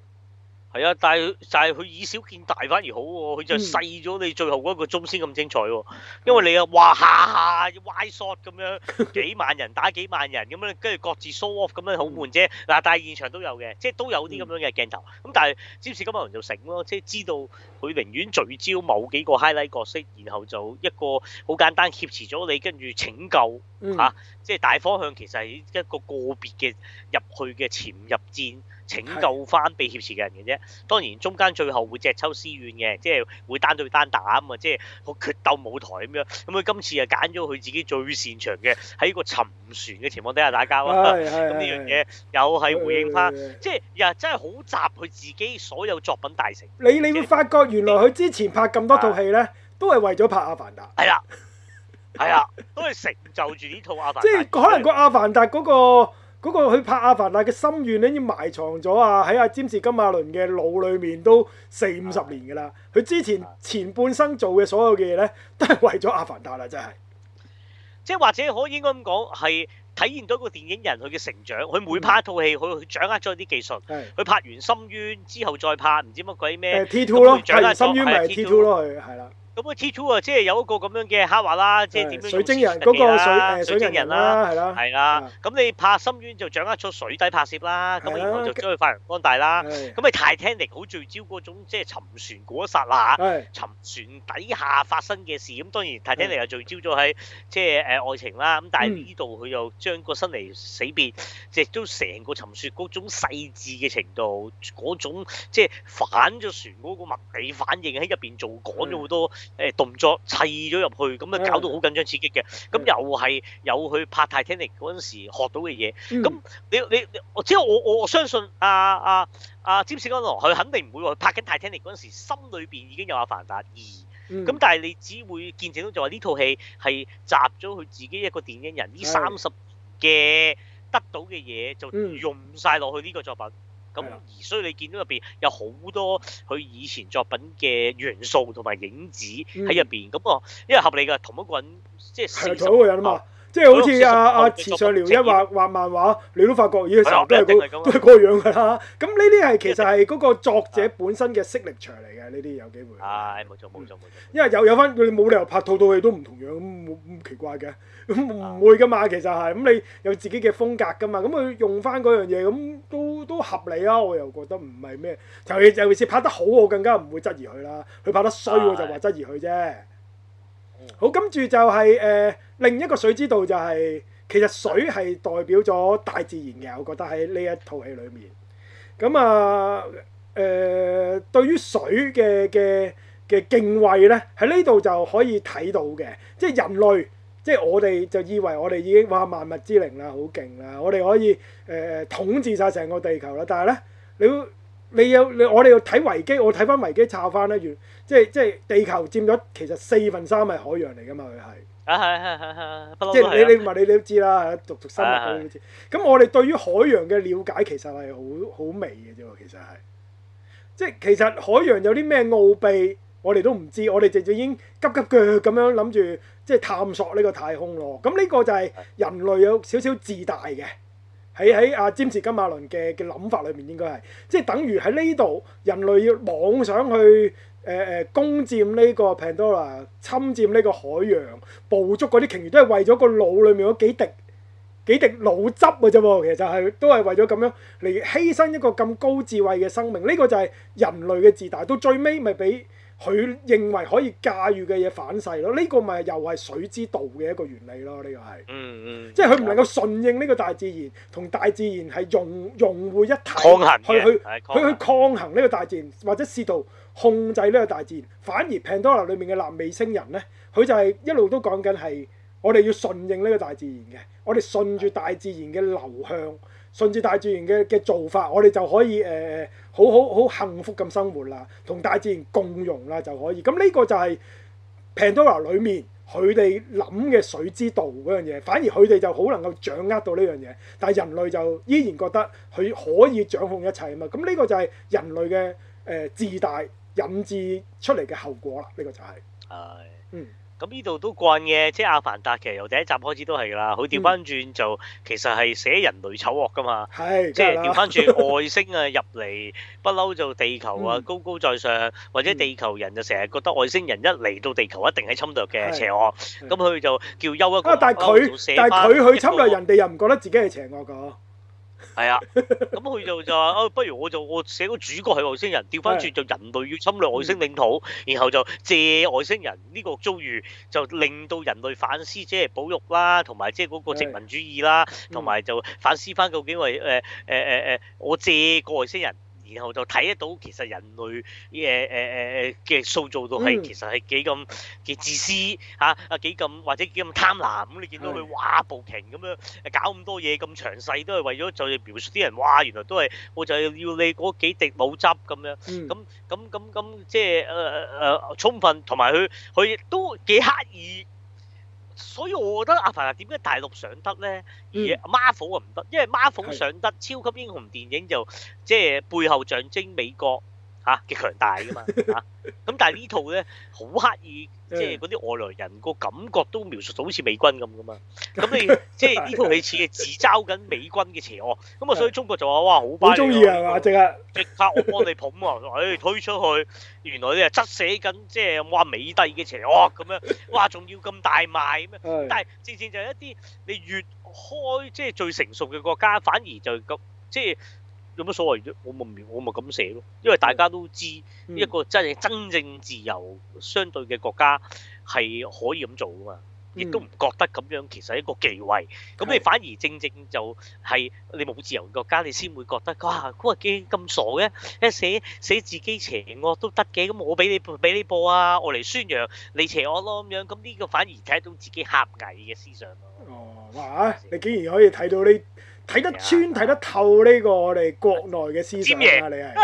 係啊，但係佢就佢以小見大反而好喎、哦，佢就細咗你最後嗰一個鐘先咁精彩喎、哦。因為你啊，哇下下要 wide shot 咁樣，幾萬人打幾萬人咁樣，跟住各自 show off 咁樣好悶啫。嗱，但係現場都有嘅，即係都有啲咁樣嘅鏡頭。咁但係占士金馬倫就醒咯，即係知道佢寧願聚焦某幾個 highlight 角色，然後就一個好簡單挾持咗你，跟住拯救嚇、啊。即係大方向其實係一個個別嘅入去嘅潛入戰，拯救翻被挾持嘅人嘅啫，當然中間最後會隻抽私怨嘅，即係會單對單打啊嘛，即係好決鬥舞台咁樣。咁佢今次啊揀咗佢自己最擅長嘅，喺個沉船嘅情況底下打交啊。咁呢樣嘢又係回應翻，即係又真係好集佢自己所有作品大成。你你會發覺原來佢之前拍咁多套戲咧，都係為咗拍阿凡達。係啦，係啦，都係成就住呢套阿凡。即係可能個阿凡達嗰個。嗰個佢拍《阿凡達》嘅心願咧，已經埋藏咗啊！喺阿占士金馬倫嘅腦裏面都四五十年噶啦。佢的之前前半生做嘅所有嘅嘢咧，都係為咗《阿凡達》啦，真係。即係或者可以應該咁講，係體現到一個電影人佢嘅成長。佢每拍一套戲，佢佢掌握咗啲技術。佢的拍完《深淵》之後再拍唔知乜鬼咩？T 咯，深淵》咪 T t 咯，係啦。咁啊，T2 啊，即係有一個咁樣嘅黑話啦，即係點樣用水晶人嗰個水水晶人啦，係啦，係啦。咁你拍深淵就掌握咗水底拍攝啦，咁然後就將佢發揚光大啦。咁啊，Titanic 好聚焦嗰種即係沉船一剎啦，沉船底下發生嘅事。咁當然 Titanic 又聚焦咗喺即係誒愛情啦。咁但係呢度佢又將個生離死別，即係都成個沉船嗰種細緻嘅程度，嗰種即係反咗船嗰個物理反應喺入邊做講咗好多。誒動作砌咗入去，咁咧搞到好緊張刺激嘅，咁、嗯嗯、又係有去拍《Titanic》嗰陣時學到嘅嘢，咁、嗯、你你我即我我相信阿阿阿占士金馬倫佢肯定唔會話拍緊《Titanic》嗰陣時，心裏邊已經有、啊《阿凡達二》嗯，咁但係你只會見證到就話呢套戲係集咗佢自己一個電影人呢三十年嘅得到嘅嘢，就用晒落去呢個作品。咁而是所以你見到入邊有好多佢以前作品嘅元素同埋影子喺入邊，咁啊，因為合理嘅，同一個人即係四十個人啊嘛。即係好似阿阿慈尚聊一畫畫漫畫，你都發覺有些時候都係都係嗰樣㗎啦。咁呢啲係其實係嗰個作者本身嘅 signature 嚟嘅，呢啲、啊、有機會。係冇錯冇錯冇錯，因為有有翻佢冇理由拍套套戲都唔同樣咁咁奇怪嘅，咁唔會㗎嘛。啊、其實係咁，你有自己嘅風格㗎嘛。咁佢用翻嗰樣嘢咁都都合理啊。我又覺得唔係咩，尤其尤其是拍得好，我更加唔會質疑佢啦。佢拍得衰，啊、我就話質疑佢啫。嗯、好，跟住就係、是、誒。呃另一個水之道就係、是、其實水係代表咗大自然嘅，我覺得喺呢一套戲裡面，咁啊誒對於水嘅嘅嘅敬畏咧，喺呢度就可以睇到嘅。即係人類，即係我哋就以為我哋已經話萬物之靈啦，好勁啦，我哋可以誒、呃、統治晒成個地球啦。但係咧，你你有你我哋要睇維基，我睇翻維基，抄翻一轉，即係即係地球佔咗其實四分三係海洋嚟㗎嘛，佢係。啊係係係係，即係、啊啊、你你唔係你你都知啦，逐逐新聞你都知。咁、啊啊、我哋對於海洋嘅了解其實係好好微嘅啫，其實係。即係其實海洋有啲咩奧秘，我哋都唔知。我哋直接已經急急腳咁樣諗住，即係探索呢個太空咯。咁呢個就係人類有少少自大嘅，喺喺啊占士金馬倫嘅嘅諗法裏面應該係，即係等於喺呢度人類要妄想去。誒誒、呃、攻佔呢個 Pandora，侵佔呢個海洋，捕捉嗰啲鯨魚都係為咗個腦裏面嗰幾滴幾滴腦汁嘅啫喎，其實係都係為咗咁樣嚟犧牲一個咁高智慧嘅生命，呢、這個就係人類嘅自大。到最尾咪俾佢認為可以駕馭嘅嘢反噬咯。呢、這個咪又係水之道嘅一個原理咯。呢、這個係，嗯嗯、即係佢唔能夠順應呢個大自然，同大自然係融融匯一體，去去去去抗衡呢個大自然，或者試圖。控制呢個大自然，反而《潘多拉》裏面嘅納美星人呢，佢就係一路都講緊係我哋要順應呢個大自然嘅，我哋順住大自然嘅流向，順住大自然嘅嘅做法，我哋就可以誒、呃、好好好幸福咁生活啦，同大自然共融啦就可以。咁呢個就係《潘多拉》裏面佢哋諗嘅水之道嗰樣嘢，反而佢哋就好能夠掌握到呢樣嘢，但係人類就依然覺得佢可以掌控一切啊嘛。咁呢個就係人類嘅誒、呃、自大。引致出嚟嘅後果啦，呢個就係。係，嗯，咁呢度都慣嘅，即係《阿凡達》其實由第一集開始都係㗎啦，佢調返轉就其實係寫人類醜惡㗎嘛，即係調返轉外星啊入嚟，不嬲就地球啊高高在上，或者地球人就成日覺得外星人一嚟到地球一定係侵略嘅邪惡，咁佢就叫優一。啊！但係佢，但係佢去侵略人哋又唔覺得自己係邪惡㗎。係 啊，咁佢就就話哦，不如我就我寫個主角係外星人，調翻轉就人類要侵略外星領土，的然後就借外星人呢個遭遇，就令到人類反思，即係保育啦，同埋即係嗰個殖民主義啦，同埋的就反思翻究竟為誒誒誒誒，我借個外星人。然後就睇得到其實人類誒誒誒誒嘅塑造到係其實係幾咁、幾自私嚇啊，幾咁或者幾咁貪婪。咁你見到佢，哇不停咁樣搞咁多嘢，咁詳細都係為咗，就係描述啲人，哇原來都係，我就係要你嗰幾滴腦汁，咁樣咁咁咁咁即係誒誒誒充分，同埋佢佢亦都幾刻意。所以我覺得阿凡達點解大陸上得呢？而 Marvel 就唔得，因為 Marvel 上得的超級英雄電影就即係、就是、背後象徵美國。嚇，極、啊、強大噶嘛嚇！咁、啊、但係呢套咧好刻意，即係嗰啲外來人個感覺都描述到好似美軍咁噶嘛。咁你即係呢套你似嘅，自嘲緊美軍嘅邪惡。咁啊、 嗯，所以中國就話：哇，好中意啊！呃、即刻即刻，我幫你捧啊！誒，推出去，原來咧則寫緊即係話美帝嘅邪惡咁樣。哇，仲要咁大賣咁樣。 但係正正就係一啲你越開即係最成熟嘅國家，反而就咁、是、即係。即有乜所謂啫？我咪我咪咁寫咯。因為大家都知、嗯、一個真真正自由相對嘅國家係可以咁做噶嘛，亦都唔覺得咁樣其實係一個忌諱。咁的你反而正正就係你冇自由嘅國家，你先會覺得哇！嗰個幾咁傻嘅，一、啊、寫寫自己邪惡都得嘅，咁我俾你播俾你播啊！我嚟宣揚你邪惡咯咁樣。咁呢個反而睇到自己狹隘嘅思想咯。哦，哇！你竟然可以睇到呢？睇得穿睇得透呢、這個我哋國內嘅思想啊！你係占冤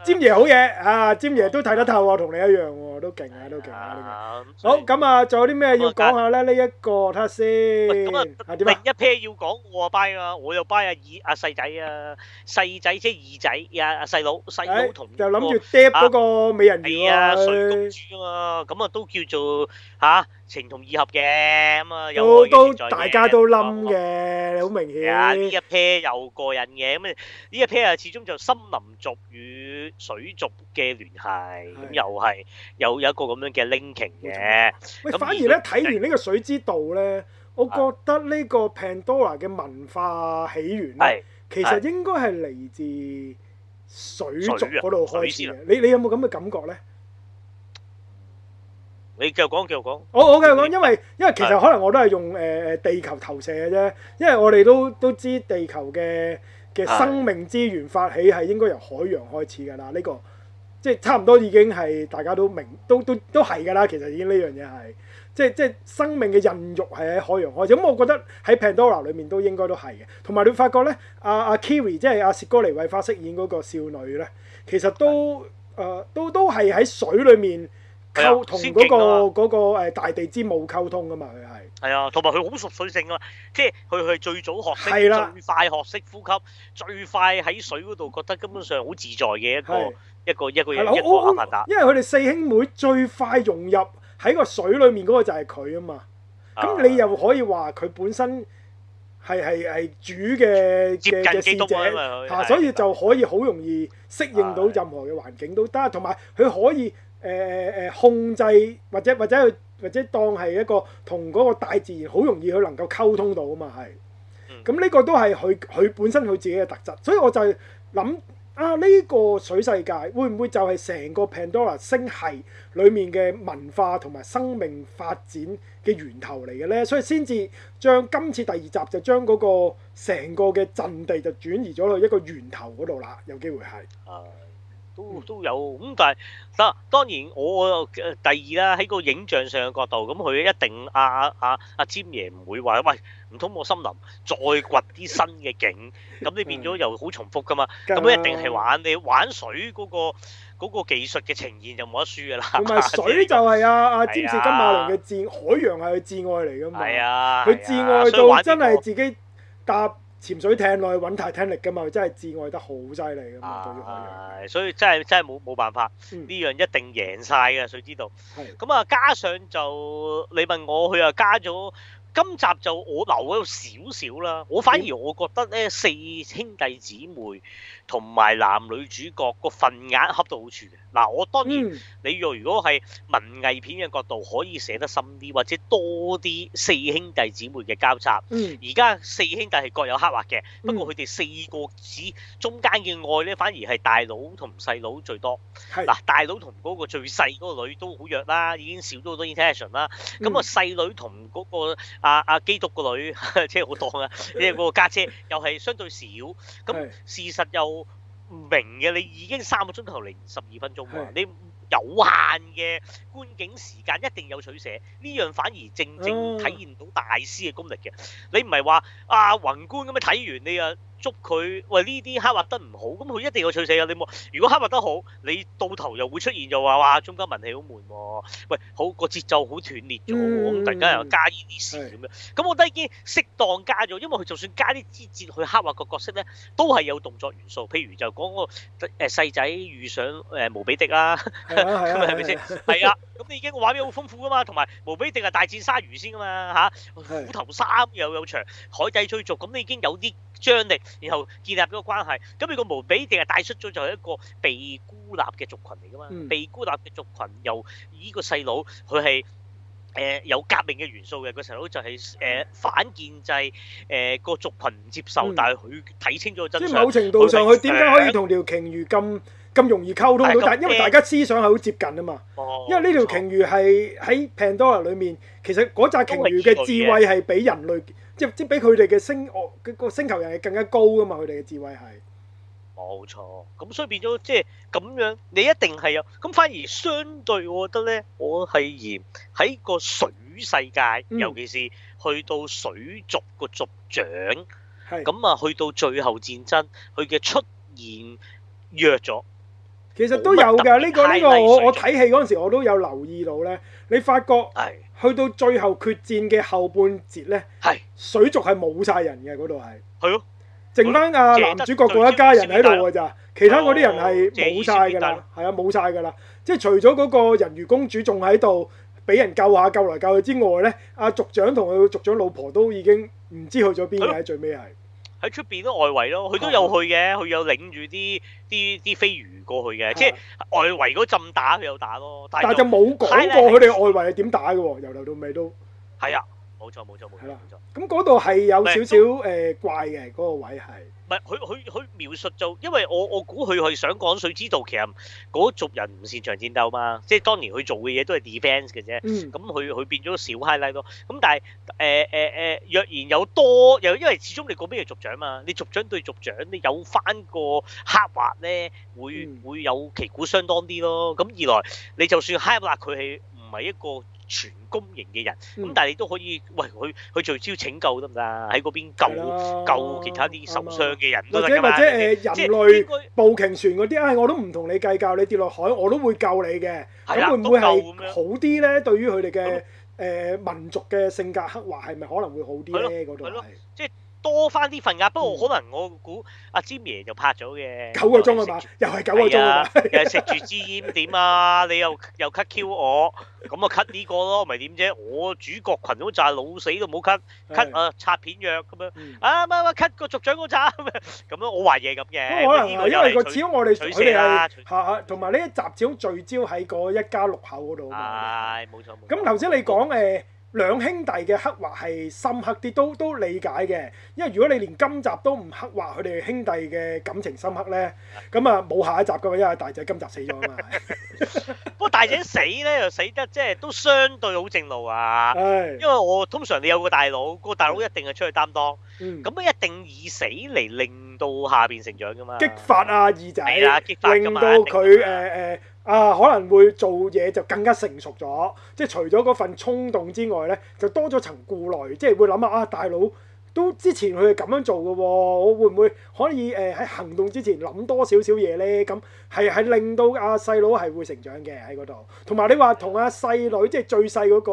尖爺好嘢啊！尖爺都睇得透啊，同你一樣喎，都勁啊，都勁啊！咁好咁啊，仲有啲咩要講下咧？呢一個睇下先。咁另一 pair 要講我啊 buy 啊，我又 buy 阿二，阿細仔啊，細仔即係二仔呀，阿細佬細佬同就諗住 drop 嗰個美人魚啊，睡公主啊嘛，咁啊都叫做。嚇、啊，情同意合嘅，咁啊，我都大家都冧嘅，好吧你明顯。啊，呢一 pair 又過癮嘅，咁呢一 pair 啊，始終就森林族與水族嘅聯繫，咁是、嗯、又係有有一個咁樣嘅 linking 嘅。咁反而咧睇完呢個水之道咧，是我覺得呢個 Pandora 嘅文化起源咧，其實應該係嚟自水族嗰度開始嘅資你你有冇咁嘅感覺咧？你繼續講，繼續講。我我繼續講，因為因為其實可能我都係用誒誒是的、呃、地球投射嘅啫，因為我哋都都知地球嘅嘅生命之源發起係應該由海洋開始㗎啦，呢、這個即係差唔多已經係大家都明，都都都係㗎啦。其實已經呢樣嘢係即即生命嘅孕育係喺海洋開始。咁、嗯、我覺得喺 Pandora 裏面都應該都係嘅。同埋你會發覺咧，阿阿 Kiri 即係阿薛哥尼韋花飾演嗰個少女咧，其實都誒是的、呃、都都係喺水裏面。溝同嗰個嗰個大地之母溝通啊嘛，佢係。係啊，同埋佢好熟水性啊，即係佢佢最早學識，係啦，最快學識呼吸，最快喺水嗰度覺得根本上好自在嘅一個的一個一個人的一個阿凡達。因為佢哋四兄妹最快融入喺個水裡面嗰個就係佢啊嘛。咁的你又可以話佢本身係係係主嘅嘅嘅者嚇，所以就可以好容易適應到任何嘅環境都得，同埋佢可以，的誒誒、呃、控制或者或者去或者當係一個同嗰個大自然好容易去能夠溝通到啊嘛係，咁呢、嗯、個都係佢佢本身佢自己嘅特質，所以我就係諗啊呢、呢個水世界會唔會就係成個 Pandora 星系裡面嘅文化同埋生命發展嘅源頭嚟嘅呢？所以先至將今次第二集就將嗰個成個嘅陣地就轉移咗去一個源頭嗰度啦，有機會係。嗯都有咁，但係得當然我第二啦，喺個影像上嘅角度，咁佢一定阿阿阿阿占爺唔會話喂，唔通我森林再掘啲新嘅景，咁你變咗又好重複噶嘛？咁一定係玩你玩水嗰、嗰個嗰個技術嘅呈現就冇得輸噶啦。同埋水就係啊，阿占士金馬倫嘅摯海洋係佢摯愛嚟㗎嘛。係啊，佢摯愛就真係自己搭。以潛水艇內揾鐵達尼㗎嘛，真係至愛得好犀利㗎嘛，啊、對於海洋。所以真係真係冇冇辦法，呢、嗯、樣一定贏晒㗎，誰知道？咁啊的，加上就你問我，佢又加咗。今集就我留咗少少啦，我反而我覺得咧四兄弟姊妹同埋男女主角個份額恰到好處嘅。嗱，我當然你若如果係文藝片嘅角度，可以寫得深啲或者多啲四兄弟姊妹嘅交叉。而家四兄弟係各有刻畫嘅，不過佢哋四個子中間嘅愛咧，反而係大佬同細佬最多。嗱，大佬同嗰個最細嗰個女都好弱啦，已經少咗好多 interaction 啦。咁啊，細女同嗰個。阿阿、啊、基督個女，即係好多啊！ 你個架姐，姐又係相對少，咁事實又唔明嘅，你已經三個鐘頭零十二分鐘啊！的你有限嘅觀景時間，一定有取捨，呢樣反而正正體現到大師嘅功力嘅。你唔係話阿宏觀咁樣睇完你啊～捉佢喂，呢啲刻畫得唔好，咁佢一定會趣死嘅。你冇如果刻畫得好，你到頭又會出現就話哇中間文氣好悶喎。喂，好個節奏好斷裂咗，突然間又加呢啲事咁樣，咁我都已經適當加咗，因為佢就算加啲枝節去刻畫個角色咧，都係有動作元素。譬如就講個誒細仔遇上誒無比迪啦，咁係咪先係啊？咁你已經個畫面好豐富噶嘛，同埋無比迪係大戰鯊魚先噶嘛嚇，虎頭三又有長海底追逐，咁你已經有啲。將力，然後建立咗個關係，咁你個無比定係帶出咗就係一個被孤立嘅族群嚟噶嘛？嗯、被孤立嘅族群由呢個細佬佢係誒有革命嘅元素嘅，個細佬就係、是、誒、呃、反建制，誒、呃、個族群唔接受，嗯、但係佢睇清楚真相即係某程度上，佢點解可以同條鯨魚咁咁、嗯、容易溝通到？但係因為大家思想係好接近啊嘛。哦、因為呢條鯨魚係喺 Pandora 裏面，其實嗰紮鯨魚嘅智慧係比人類。即即比佢哋嘅星我個星球人係更加高噶嘛，佢哋嘅智慧係冇錯。咁所以變咗即係咁樣，你一定係有咁，反而相對，我覺得咧，我係嫌喺個水世界，嗯、尤其是去到水族個族長，咁啊是去到最後戰爭，佢嘅出現弱咗。其實都有㗎，呢、這個呢、這個我我睇戲嗰陣時我都有留意到，呢你發覺的去到最後決戰嘅後半節呢，水族係冇晒人嘅，嗰度係，剩翻阿、啊、的男主角嗰一家人喺度㗎咋，的其他嗰啲人係冇晒㗎啦，係啊冇曬㗎啦。即係除咗嗰個人魚公主仲喺度俾人救下救來救去之外呢阿族長同佢族長老婆都已經唔知去咗邊嘅，最尾係。喺出邊都外圍咯，佢都有去嘅，佢有領住啲啲啲飛魚過去嘅，的即係外圍嗰浸打佢有打咯，但係就冇講過佢哋外圍係點打嘅喎，由的頭到尾都係啊，冇錯冇錯冇錯，係啦，咁嗰度係有少少誒怪嘅嗰的個位係。唔係，佢佢佢描述就，因為我我估佢係想講，水之道其實嗰族人唔擅長戰鬥嘛，即係當年佢做嘅嘢都係 defence 嘅啫。咁佢佢變咗小 highlight 咯。咁但係誒誒誒，若然有多，又因為始終你講邊個族長嘛，你族長對族長，你有翻個刻畫咧，會、嗯、會有旗鼓相當啲咯。咁二來，你就算 highlight 佢係。唔係一個全公型嘅人，咁但係你都可以，喂，去去聚焦拯救得唔得？喺嗰邊救的救其他啲受傷嘅人都得，或者你人類，即捕鯨船嗰啲，啊即，我都唔同你計較，你跌落海我都會救你嘅。咁的會唔會係好啲呢？對於佢哋嘅民族嘅性格刻畫，係咪可能會好啲呢？嗰度係。的多翻啲份額，不過可能我估阿詹爺就拍咗嘅九個鐘啊嘛，又係九個鐘，又係食住支煙點啊？你又又 cut Q 我，咁啊 cut 呢個咯，咪點啫？我主角群都就老死都冇 cut cut 啊插片藥咁樣啊乜乜 cut 個族長個差咁樣，咁樣我話嘢咁嘅。可能因為個始我哋佢哋係同埋呢一集始終聚焦喺個一家六口嗰度啊，冇錯，冇錯。咁頭先你講誒。兩兄弟嘅刻畫係深刻啲，都都理解嘅。因為如果你連今集都唔刻畫佢哋兄弟嘅感情深刻呢，咁啊冇下一集噶嘛，因為大仔今集死咗嘛。 不過大仔死呢，又死得即係都相對好正路啊。是因為我通常你有個大佬，個大佬一定係出去擔當，咁啊、嗯、一定以死嚟令到下邊成長噶嘛激、啊嗯啊，激發啊二仔，係啦，激發噶嘛，令到佢誒誒。呃呃呃啊，可能會做嘢就更加成熟咗，即係除咗嗰份衝動之外呢，就多咗層顧慮，即係會諗下啊，大佬都之前佢係咁樣做嘅喎、哦，我會唔會可以誒喺、呃、行動之前諗多少少嘢呢？咁係係令到阿細佬係會成長嘅喺嗰度。同埋你話同阿細女即係最細嗰、嗰個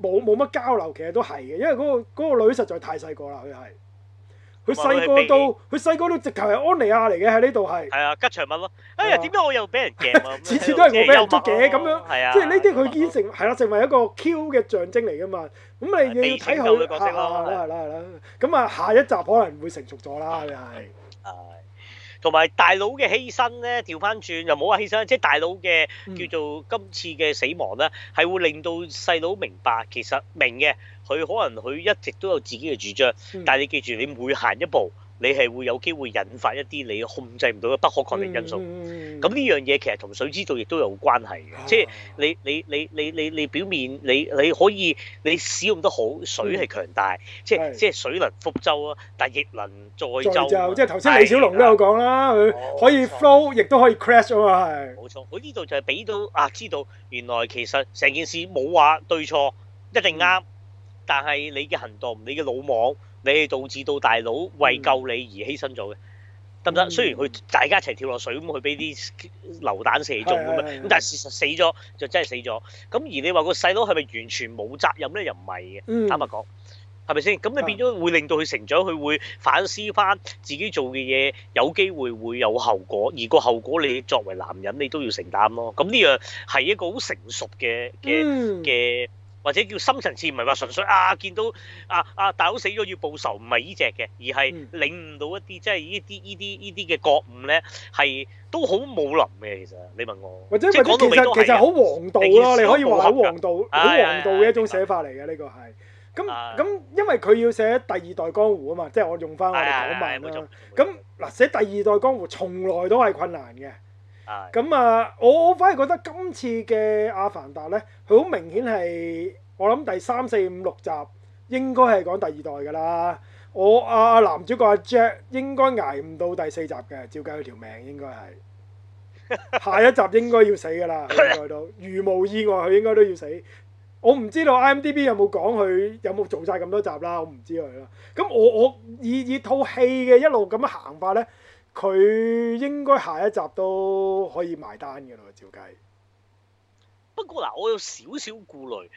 冇冇乜交流，其實都係嘅，因為嗰、嗰個嗰個女實在太細個啦，佢係。佢細個到，佢細個到直頭係安妮亞嚟嘅喺呢度係。係啊，吉祥物咯。啊、哎呀，點解我又俾人夾、啊？次 次都係我俾人夾嘅咁樣。係啊。即係呢啲佢已經成係啦、啊啊，成為一個 Q 嘅象徵嚟噶嘛。咁你你要睇佢係啦係啦係啦。咁啊，啊啊啊下一集可能會成熟咗啦又。係、啊。同埋、啊、大佬嘅犧牲咧，調翻轉又冇話犧牲，即、就、係、是、大佬嘅叫做今次嘅死亡咧，係、嗯、會令到細佬明白其實明嘅。佢可能佢一直都有自己嘅主張，但係你記住，你每行一步，你係會有機會引發一啲你控制唔到嘅不可抗力因素。咁呢樣嘢其實同水之道亦都有關係嘅，即係你你你你你你表面你你可以你使用得好水係強大，即係即係水能覆舟啊，但係亦能載舟。即係頭先李小龍都有講啦，佢可以 flow，亦都可以 crash 啊嘛係。冇錯，佢呢度就係俾到啊，知道原來其實成件事冇話對錯，一定啱。但係你嘅行動，你嘅魯莽，你係導致到大佬為救你而犧牲咗嘅，得唔得？雖然佢大家一齊跳落水咁，佢俾啲流彈射中咁樣，咁、嗯、但係事實死咗就真係死咗。咁而你話個細佬係咪完全冇責任咧？又唔係嘅，嗯、坦白講，係咪先？咁你變咗會令到佢成長，佢會反思翻自己做嘅嘢，有機會會有後果，而個後果你作為男人你都要承擔咯。咁呢樣係一個好成熟嘅嘅嘅。或者叫深層次，唔係話純粹啊見到啊啊大佬死咗要報仇，唔係呢隻嘅，而係領悟到一啲即係呢啲呢啲呢啲嘅覺悟咧，係都好冇林嘅。其實你問我，或者或者其實其實好王道咯，你可以話好王道，好王道嘅一種寫法嚟嘅呢個係。咁咁因為佢要寫第二代江湖啊嘛，即係我用翻我哋港文啦。咁嗱寫第二代江湖從來都係困難嘅。咁啊，我我反而覺得今次嘅《阿凡達》呢，佢好明顯係我諗第三四五六集應該係講第二代㗎喇。我阿、啊、男主角阿、啊、Jack 應該捱唔到第四集嘅，照計佢條命應該係下一集應該要死㗎喇，應該都如無意外佢應該都要死。我唔知道 IMDB 有冇講佢有冇做晒咁多集啦，我唔知佢啦。咁我我以以套戲嘅一路咁行法呢。佢應該下一集都可以埋單㗎喇，照計。不過嗱，我有少少顧慮。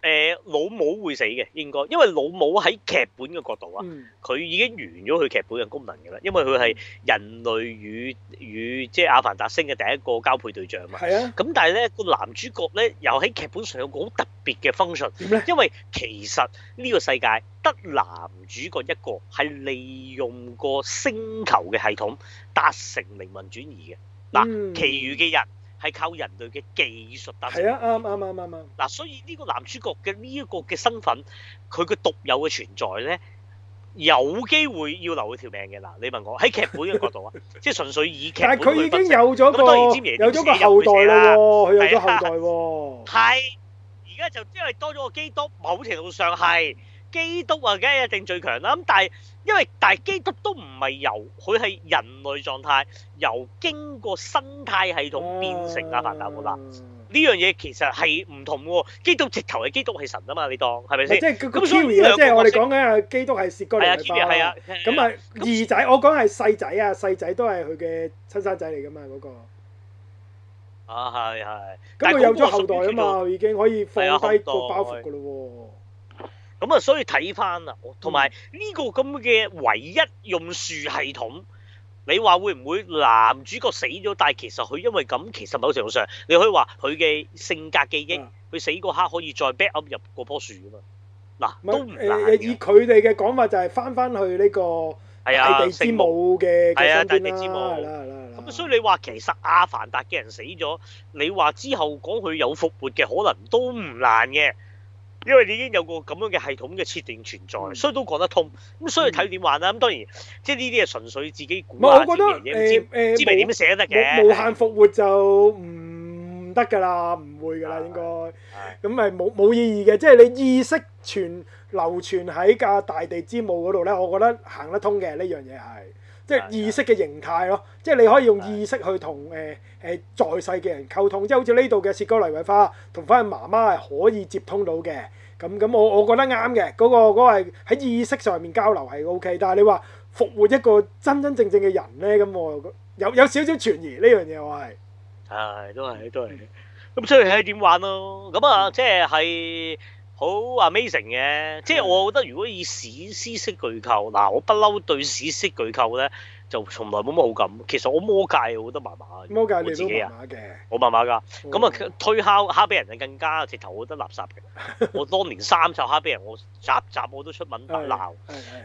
誒、呃、老母會死嘅，應該，因為老母喺劇本嘅角度啊，佢、嗯、已經完咗佢劇本嘅功能㗎啦，因為佢係人類與與即係阿凡達星嘅第一個交配對象啊。係啊。咁但係咧個男主角咧，又喺劇本上有一個好特別嘅 function。點咧？因為其實呢個世界得男主角一個係利用個星球嘅系統達成靈魂轉移嘅。嗱，其餘嘅人。嗯係靠人類嘅技術達。係啊，啱啱啱啱。嗱、啊啊啊，所以呢個男主角嘅呢一個嘅身份，佢嘅獨有嘅存在咧，有機會要留佢條命嘅。嗱、啊，你問我喺劇本嘅角度啊， 即係純粹以劇本去分析。但係佢已經有咗個當然有咗個，個後代啦，係咪啊？係。而家、啊、就因為多咗個基督，某程度上係。基督啊，梗係一定最強啦！咁但係，因為但係基督都唔係由佢係人類狀態，由經過生態系統變成阿凡達咁啦。呢樣嘢其實係唔同喎。基督直頭係基督係神啊嘛，你當係咪先？即係咁，所以呢個即係我哋講緊係基督係涉過嚟嘅，係啊，咁啊，啊啊啊二仔，我講係細仔啊，細仔都係佢嘅親生仔嚟噶嘛，嗰、嗰個。啊，係係、啊。咁佢、啊啊嗰個啊、有咗後代啊嘛，已經可以放低個包袱噶咯喎。咁啊，所以睇翻啦，同埋呢個咁嘅唯一用樹系統，你話會唔會男主角死咗？但係其實佢因為咁，其實某程度上你可以話佢嘅性格記憶，佢、啊、死嗰刻可以再 back up 入嗰棵樹啊嘛。嗱，都唔難、啊呃、以佢哋嘅講法就係翻翻去呢個大地之母嘅啊，故事啦。咁啊，啊所以你話其實阿、啊、凡達嘅人死咗，你話之後講佢有復活嘅可能都唔難嘅。因為你已經有個咁樣嘅系統嘅設定存在，嗯、所以都講得通。咁、嗯、所以睇點玩啦。咁當然，即係呢啲係純粹自己估下啲嘢嘅，唔知唔、呃、知點寫得嘅、呃。無限復活就唔得㗎啦，唔會㗎啦，的應該。咁係冇冇意義嘅，即係你意識存流傳喺架大地之母嗰度咧，我覺得行得通嘅呢樣嘢係。即係意識嘅形態咯，即係你可以用意識去同誒誒在世嘅人溝通，即係好似呢度嘅薛歌妮韋花同翻媽媽係可以接通到嘅。咁咁我我覺得啱嘅嗰個嗰個喺、那個、意識上面交流係 OK，但係你話復活一個真真正正嘅人咧咁，我有有少少存疑呢樣嘢，這個、我係係都係都係咁，嗯、所以睇點玩咯。咁啊，即係。好 amazing 嘅，即係我覺得如果以史詩式巨構，嗱我不嬲對史詩巨構咧就從來冇乜好感。其實我魔界我覺得麻麻，魔界你我自己啊，我麻麻㗎。咁啊、哦，推敲哈比人就更加直頭我覺得垃圾嘅。 我當年三集哈比人我集集我都出問題鬧。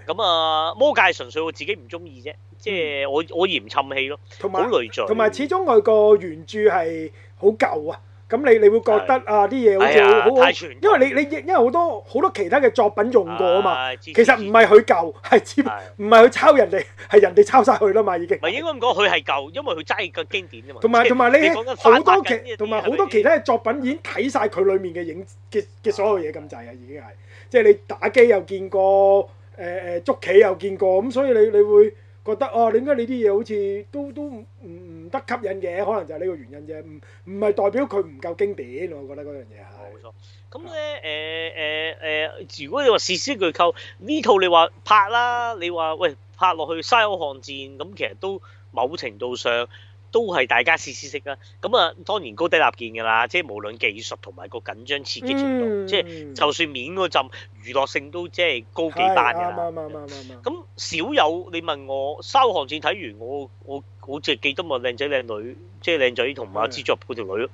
咁 啊，魔界純粹我自己唔中意啫，即係我、嗯、我嫌沉氣咯，好有累贅。同埋始終我個原著係好舊啊。咁你你會覺得啊啲嘢好似好好，因為你你因為好多好多其他嘅作品用過啊嘛，其實唔係佢舊，係唔係佢抄人哋，係人哋抄晒佢啦嘛已經。唔係應該咁講，佢係舊，因為佢齋個經典。同埋同埋你好多其同埋好多其他嘅作品已經睇晒佢裡面嘅影嘅嘅所有嘢咁滯啊已經係，即係你打機又見過，誒誒捉棋又見過，咁所以你你會，覺得哦，你應該你啲嘢好似都都唔唔得吸引嘅，可能就係呢個原因啫。唔唔係代表佢唔夠經典，我覺得嗰樣嘢嚇。冇錯。咁咧誒誒誒，如果你話《史詩巨構》呢套你話拍啦，你話喂，拍落去《西沙丘戰》咁，其實都某程度上。都係大家試試識啦，咁啊當然高低立見㗎啦，即係無論技術同埋個緊張刺激程度，即係就算面嗰陣娛樂性都即係高幾班㗎啦。咁少有你問我收航線睇完，我我我只記得咪靚仔靚女，即係靚仔同埋蜘蛛嗰條女咯。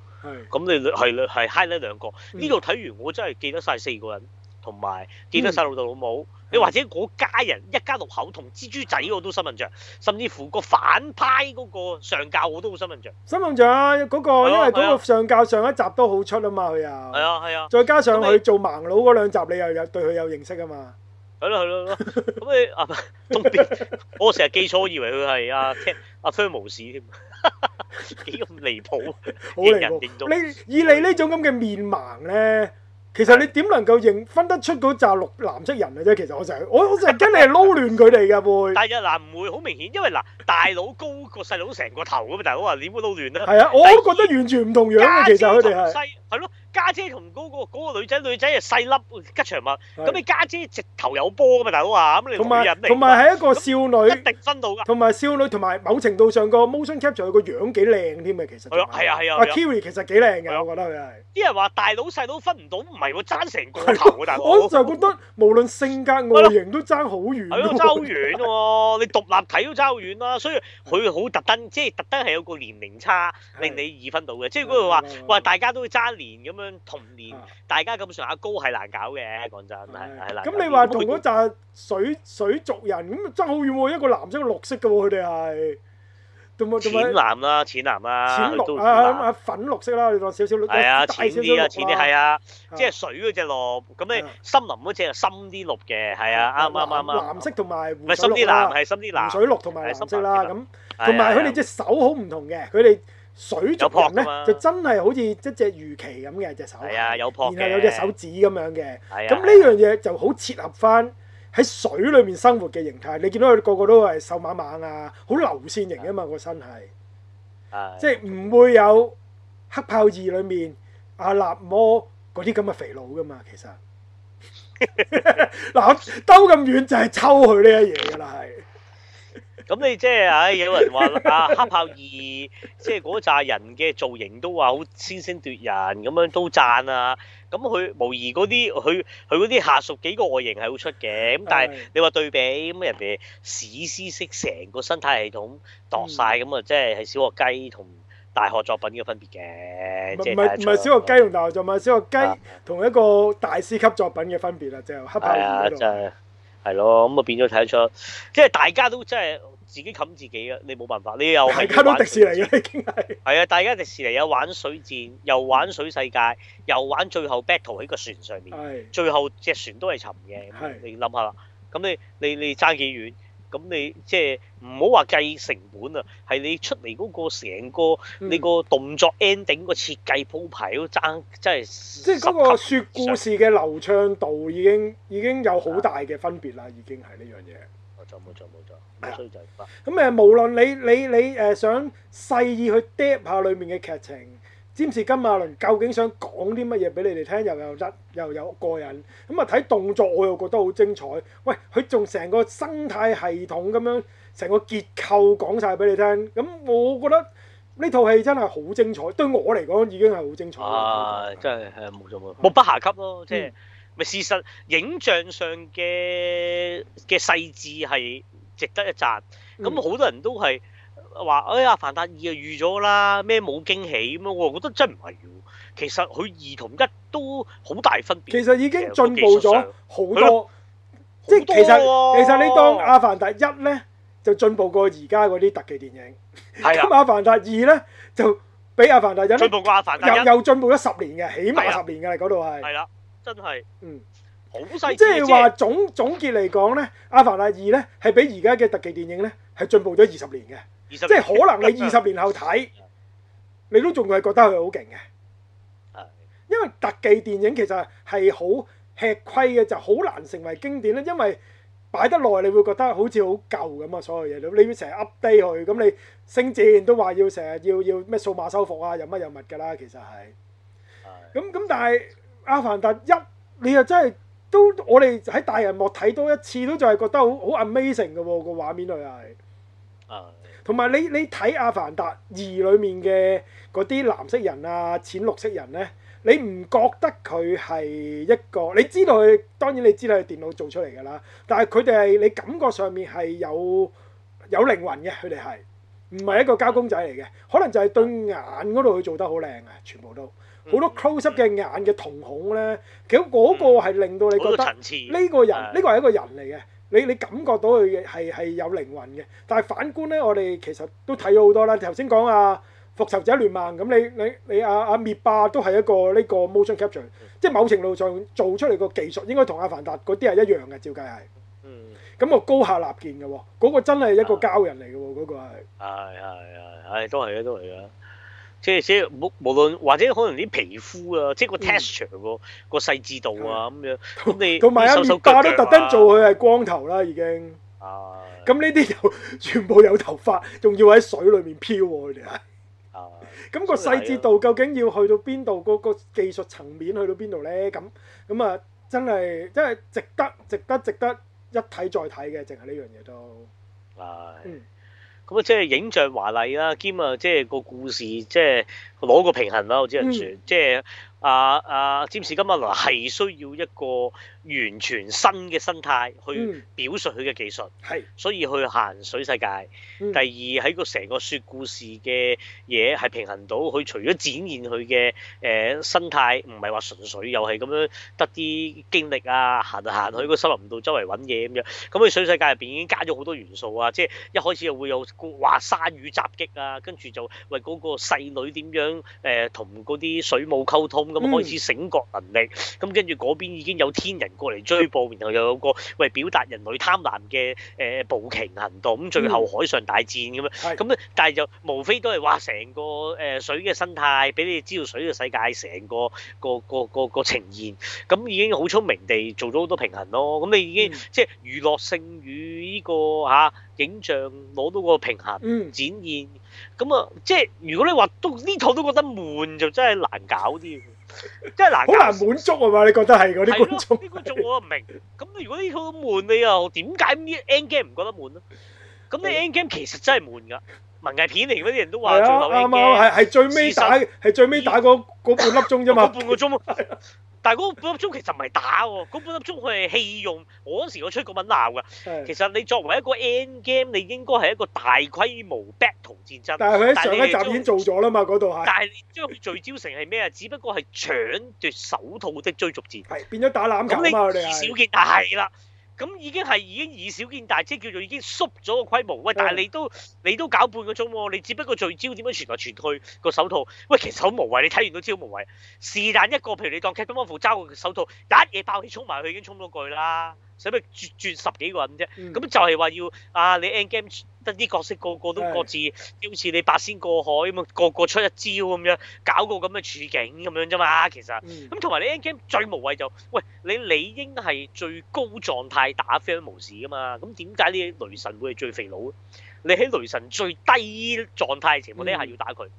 咁你係係 high 呢兩個呢度睇完我真係記得晒四個人。同埋跌咗細路老豆老母，你或者嗰家人一家六口同蜘蛛仔我都新印象，甚至乎個反派嗰個上校我都好新印象。新印象嗰個，啊、因為嗰個上校上一集都好出啊嘛，佢又係啊係啊。啊再加上佢做盲佬嗰兩集，你又有對佢有認識噶嘛？係咯係咯。咁你啊，啊，啊，啊東邊， 我成日記錯以為佢係阿阿 f e r 添，幾、啊、咁、啊 啊、離譜？好、啊、離譜。你以你呢種咁嘅面盲咧？ 其實你點能夠認分得出嗰紮綠藍色人嘅啫？其實我成日我，我成日驚你係撈亂佢哋㗎噃。 會但係嗱，唔、啊、會好明顯，因為嗱、啊，大佬高個細佬成個頭噶嘛，大佬話點會撈亂咧？係啊，我都二覺得完全唔同樣嘅，其實佢哋係係咯。家姐同嗰個女仔，女仔係細粒吉祥物。咁你家姐直頭有波嘛，大佬啊！咁你女人嚟，同埋係一個少女一定分到嘅。同埋少女同埋某程度上個 motion cap 仲有個樣幾靚添啊。其實係啊係啊，Kiri 其實幾靚嘅，我覺得佢係。啲人話大佬細佬分唔到，唔係喎，爭成個頭大佬。我就覺得無論性格外形都爭好遠。爭好遠喎！你獨立睇都爭好遠啦，所以佢好特登，即係特登係有個年齡差令你易分到嘅。即係如果話大家都會爭年咁。咁樣同年，大家咁上下阿高係難搞嘅，講真係係啦。咁你話同嗰扎水水族人，咁爭好遠喎，一個藍，一個綠色嘅喎，佢哋係。淺藍啦，淺藍啦。淺綠啊，啊粉綠色啦，你當少少綠。係啊，淺啲啊，淺啲係啊，即係水嗰隻綠。咁你森林嗰隻係深啲綠嘅，係啊，啱啱啱啱。藍色同埋唔係深啲藍，係深啲藍水綠同埋深色啦。咁同埋佢哋隻手好唔同嘅，佢哋。水族人咧就真係好似一隻魚鰭咁嘅隻手，然後有隻手指咁樣嘅。咁呢樣嘢就好切合翻喺水裏面生活嘅形態。你見到佢個個都係瘦蜢蜢啊，好流線型啊嘛個身係，即係唔會有黑豹二裏面阿納、啊、摩嗰啲咁嘅肥佬㗎嘛其實。嗱兜咁遠就係抽佢呢一嘢㗎啦係。咁 你即係，唉，有人話啊《黑豹二》即係嗰扎人嘅造型都話好先聲奪人咁樣都讚啊！咁佢無疑嗰啲佢佢嗰啲下屬幾個外形係好出嘅，咁但係你話對比咁人哋史詩式成個生態系統度晒，咁啊，即係係小學雞同大學作品嘅分別嘅，嗯。唔係唔係小學雞同大學作，唔係小學雞同一個大師級作品嘅分別，就係，啊！就《黑豹二》嗰度係啊，真係係咯，咁啊，嗯，變咗睇得出，即係大家都真係。自己冚自己啊，你冇辦法，你又係。大家都迪士尼啦，已經係，係啊，大家迪士尼有玩水戰，又玩水世界，又玩最後 battle 喺個船上面，是最後隻船都係沉嘅是。你諗下啦，咁你你你爭幾遠？咁你即係唔好話計成本啊，係你出嚟嗰個成個、嗯、你個動作 ending 個設計鋪排都爭，即係即係嗰個説故事嘅流暢度已經已經有好大嘅分別啦，嗯、已經係呢樣嘢。冇錯冇錯，咁誒，無論你你你誒想細意去 depth 下裡面嘅劇情，占士金馬倫究竟想講啲乜嘢俾你哋聽，又有得又有個人。咁啊，睇動作我又覺得好精彩。喂，佢仲成個生態系統咁樣，成個結構講晒俾你聽。咁我覺得呢套戲真係好精彩。對我嚟講已經係好精彩。啊，真係係冇錯冇錯，目不暇給咯，即係。咪事實影像上嘅嘅細緻係值得一讚。咁好多人都係話，哎，阿凡達二就預咗啦，咩冇驚喜咁啊？我覺得真唔係。其實佢二同一都好大分別。其實已經進步咗好多。即係其實其實你當阿凡達一咧，就進步過而家嗰啲特技電影。係啊。咁阿凡達二咧，就比阿凡達一進步過阿凡達一，又又進步咗十年嘅，起碼十年嘅嗰度係。係啦。真係，嗯，好細。即係話總總結嚟講呢，阿凡達二呢係比而家嘅特技電影呢係進步咗二十年嘅，年即係可能你二十年後睇，嗯、你都仲係覺得佢好勁嘅。是的 因為特技電影其實係好吃虧嘅，就好難成為經典咧。因為擺得耐，你會覺得好似好舊咁啊，所有嘢你要成日 update 佢，咁你星戰都話要成日要要咩數碼修復啊，有乜有乜噶啦。其實係，係是的，咁咁但係。阿凡達一，你又真係都我哋喺大銀幕睇多一次都就係覺得好好 amazing 㗎喎，個畫面佢係，同埋你你睇阿凡達二裏面嘅嗰啲藍色人啊、淺綠色人呢，你唔覺得佢係一個？你知道佢當然你知道佢電腦做出嚟㗎喇，但係佢哋係你感覺上面係有有靈魂嘅，佢哋係唔係一個膠公仔嚟嘅？可能就係對眼嗰度佢做得好靚啊，全部都。好多 close up 嘅眼嘅瞳孔咧，其實嗰個係令到你覺得呢個人呢個係一個人嚟嘅，你你感覺到佢係係有靈魂嘅。但係反觀咧，我哋其實都睇咗好多啦。頭先講啊，《復仇者聯盟》咁你你你阿阿滅霸都係一個呢個 motion capture，即係某程度上做出嚟個技術應該同阿凡達嗰啲係一樣嘅，照計係。嗯。咁啊，高下立見嘅喎，嗰個真係一個膠人嚟嘅喎，嗰個係。係係係，唉，都係嘅，都係嘅。即係即係，無無論或者可能啲皮膚啊，即係個 texture 個細緻度啊咁樣。同埋啊，面發都特登做佢係光頭啦，已經。咁呢啲就全部有頭髮，仲要喺水裡面漂喎，佢哋係。咁個細緻度究竟要去到邊度？嗰個技術層面去到邊度咧？咁咁啊，真係真係值得、值得、值得一睇再睇嘅，淨係呢樣嘢都。係。咁啊，即係影像華麗啦，兼啊，即係個故事，即係攞個平衡啦，我只能説，即係、嗯。啊啊！占、啊、士今日來係需要一個完全新嘅生態去表述佢嘅技術，係、嗯、所以去行水世界。嗯、第二喺個成個說故事嘅嘢係平衡到佢除咗展現佢嘅誒生態，唔係話純粹又係咁樣得啲經歷啊，行嚟、啊、行，啊行啊去個森林度周圍揾嘢咁樣，咁喺水世界入邊已經加咗好多元素啊，即係一開始又會有話鯊魚襲擊啊，跟住就為嗰個細女點樣誒同嗰啲水母溝通。咁、嗯、開始醒覺能力，咁跟住嗰邊已經有天人過嚟追捕，然後又有個為表達人類貪婪嘅誒、呃、暴鯨行動，咁最後海上大戰咁樣，咁咧、嗯，但係就無非都係話成個誒水嘅生態，俾你知道水嘅世界成個個個個個呈現，咁、嗯嗯、已經好聰明地做咗好多平衡咯。咁、嗯、你、嗯嗯、已經即係娛樂性與呢、這個嚇、啊、影像攞到個平衡展現，咁、嗯、啊、嗯，即係如果你話都呢套都，都覺得悶，就真係難搞啲。即係難滿，好難滿足啊嘛？你覺得係嗰啲觀眾？啲觀眾我唔明。咁你如果呢套咁悶，你又點解呢？N game 唔覺得悶咯？咁呢 N game 其實真係悶噶，文藝片嚟嗰啲人都話做啱啱係係最尾打，係首最尾打嗰半粒鐘啫嘛， 半個鐘、啊。 但係嗰半粒鐘其實唔係打喎，嗰半粒鐘佢係戲用。我嗰時我出個文鬧㗎，是其實你作為一個 N game，你應該係一個大規模 battle 戰爭。但係佢喺上一集、就是、已經做咗啦嘛，嗰度係。但係你將佢聚焦成係咩啊？ 只不過係搶奪手套的追逐戰，係變咗打籃球啊嘛！佢哋係。係啦是。啊咁已經係已經以小見大，即係叫做已經縮咗個規模。喂，但係你都你都搞半個鐘喎、哦，你只不過聚焦點樣傳來傳去個手套。喂，其實好無謂，你睇完都知無謂。是但一個，譬如你當 Captain Marvel 揸個手套，第一嘢爆氣衝埋去，已經衝咗過去啦。使乜絕絕十幾個人啫？咁、嗯、就係話要啊，你 Endgame 得啲角色個個都各自，好似你八仙過海咁啊，個、嗯、個出一招咁樣，搞個咁嘅處境咁樣啫嘛。其實，咁同埋你 Endgame 最無謂就是，喂，你理應係最高狀態打 fair 模式噶嘛。咁點解呢啲雷神會係最肥佬？你喺雷神最低狀態嘅情況底下要打佢？嗯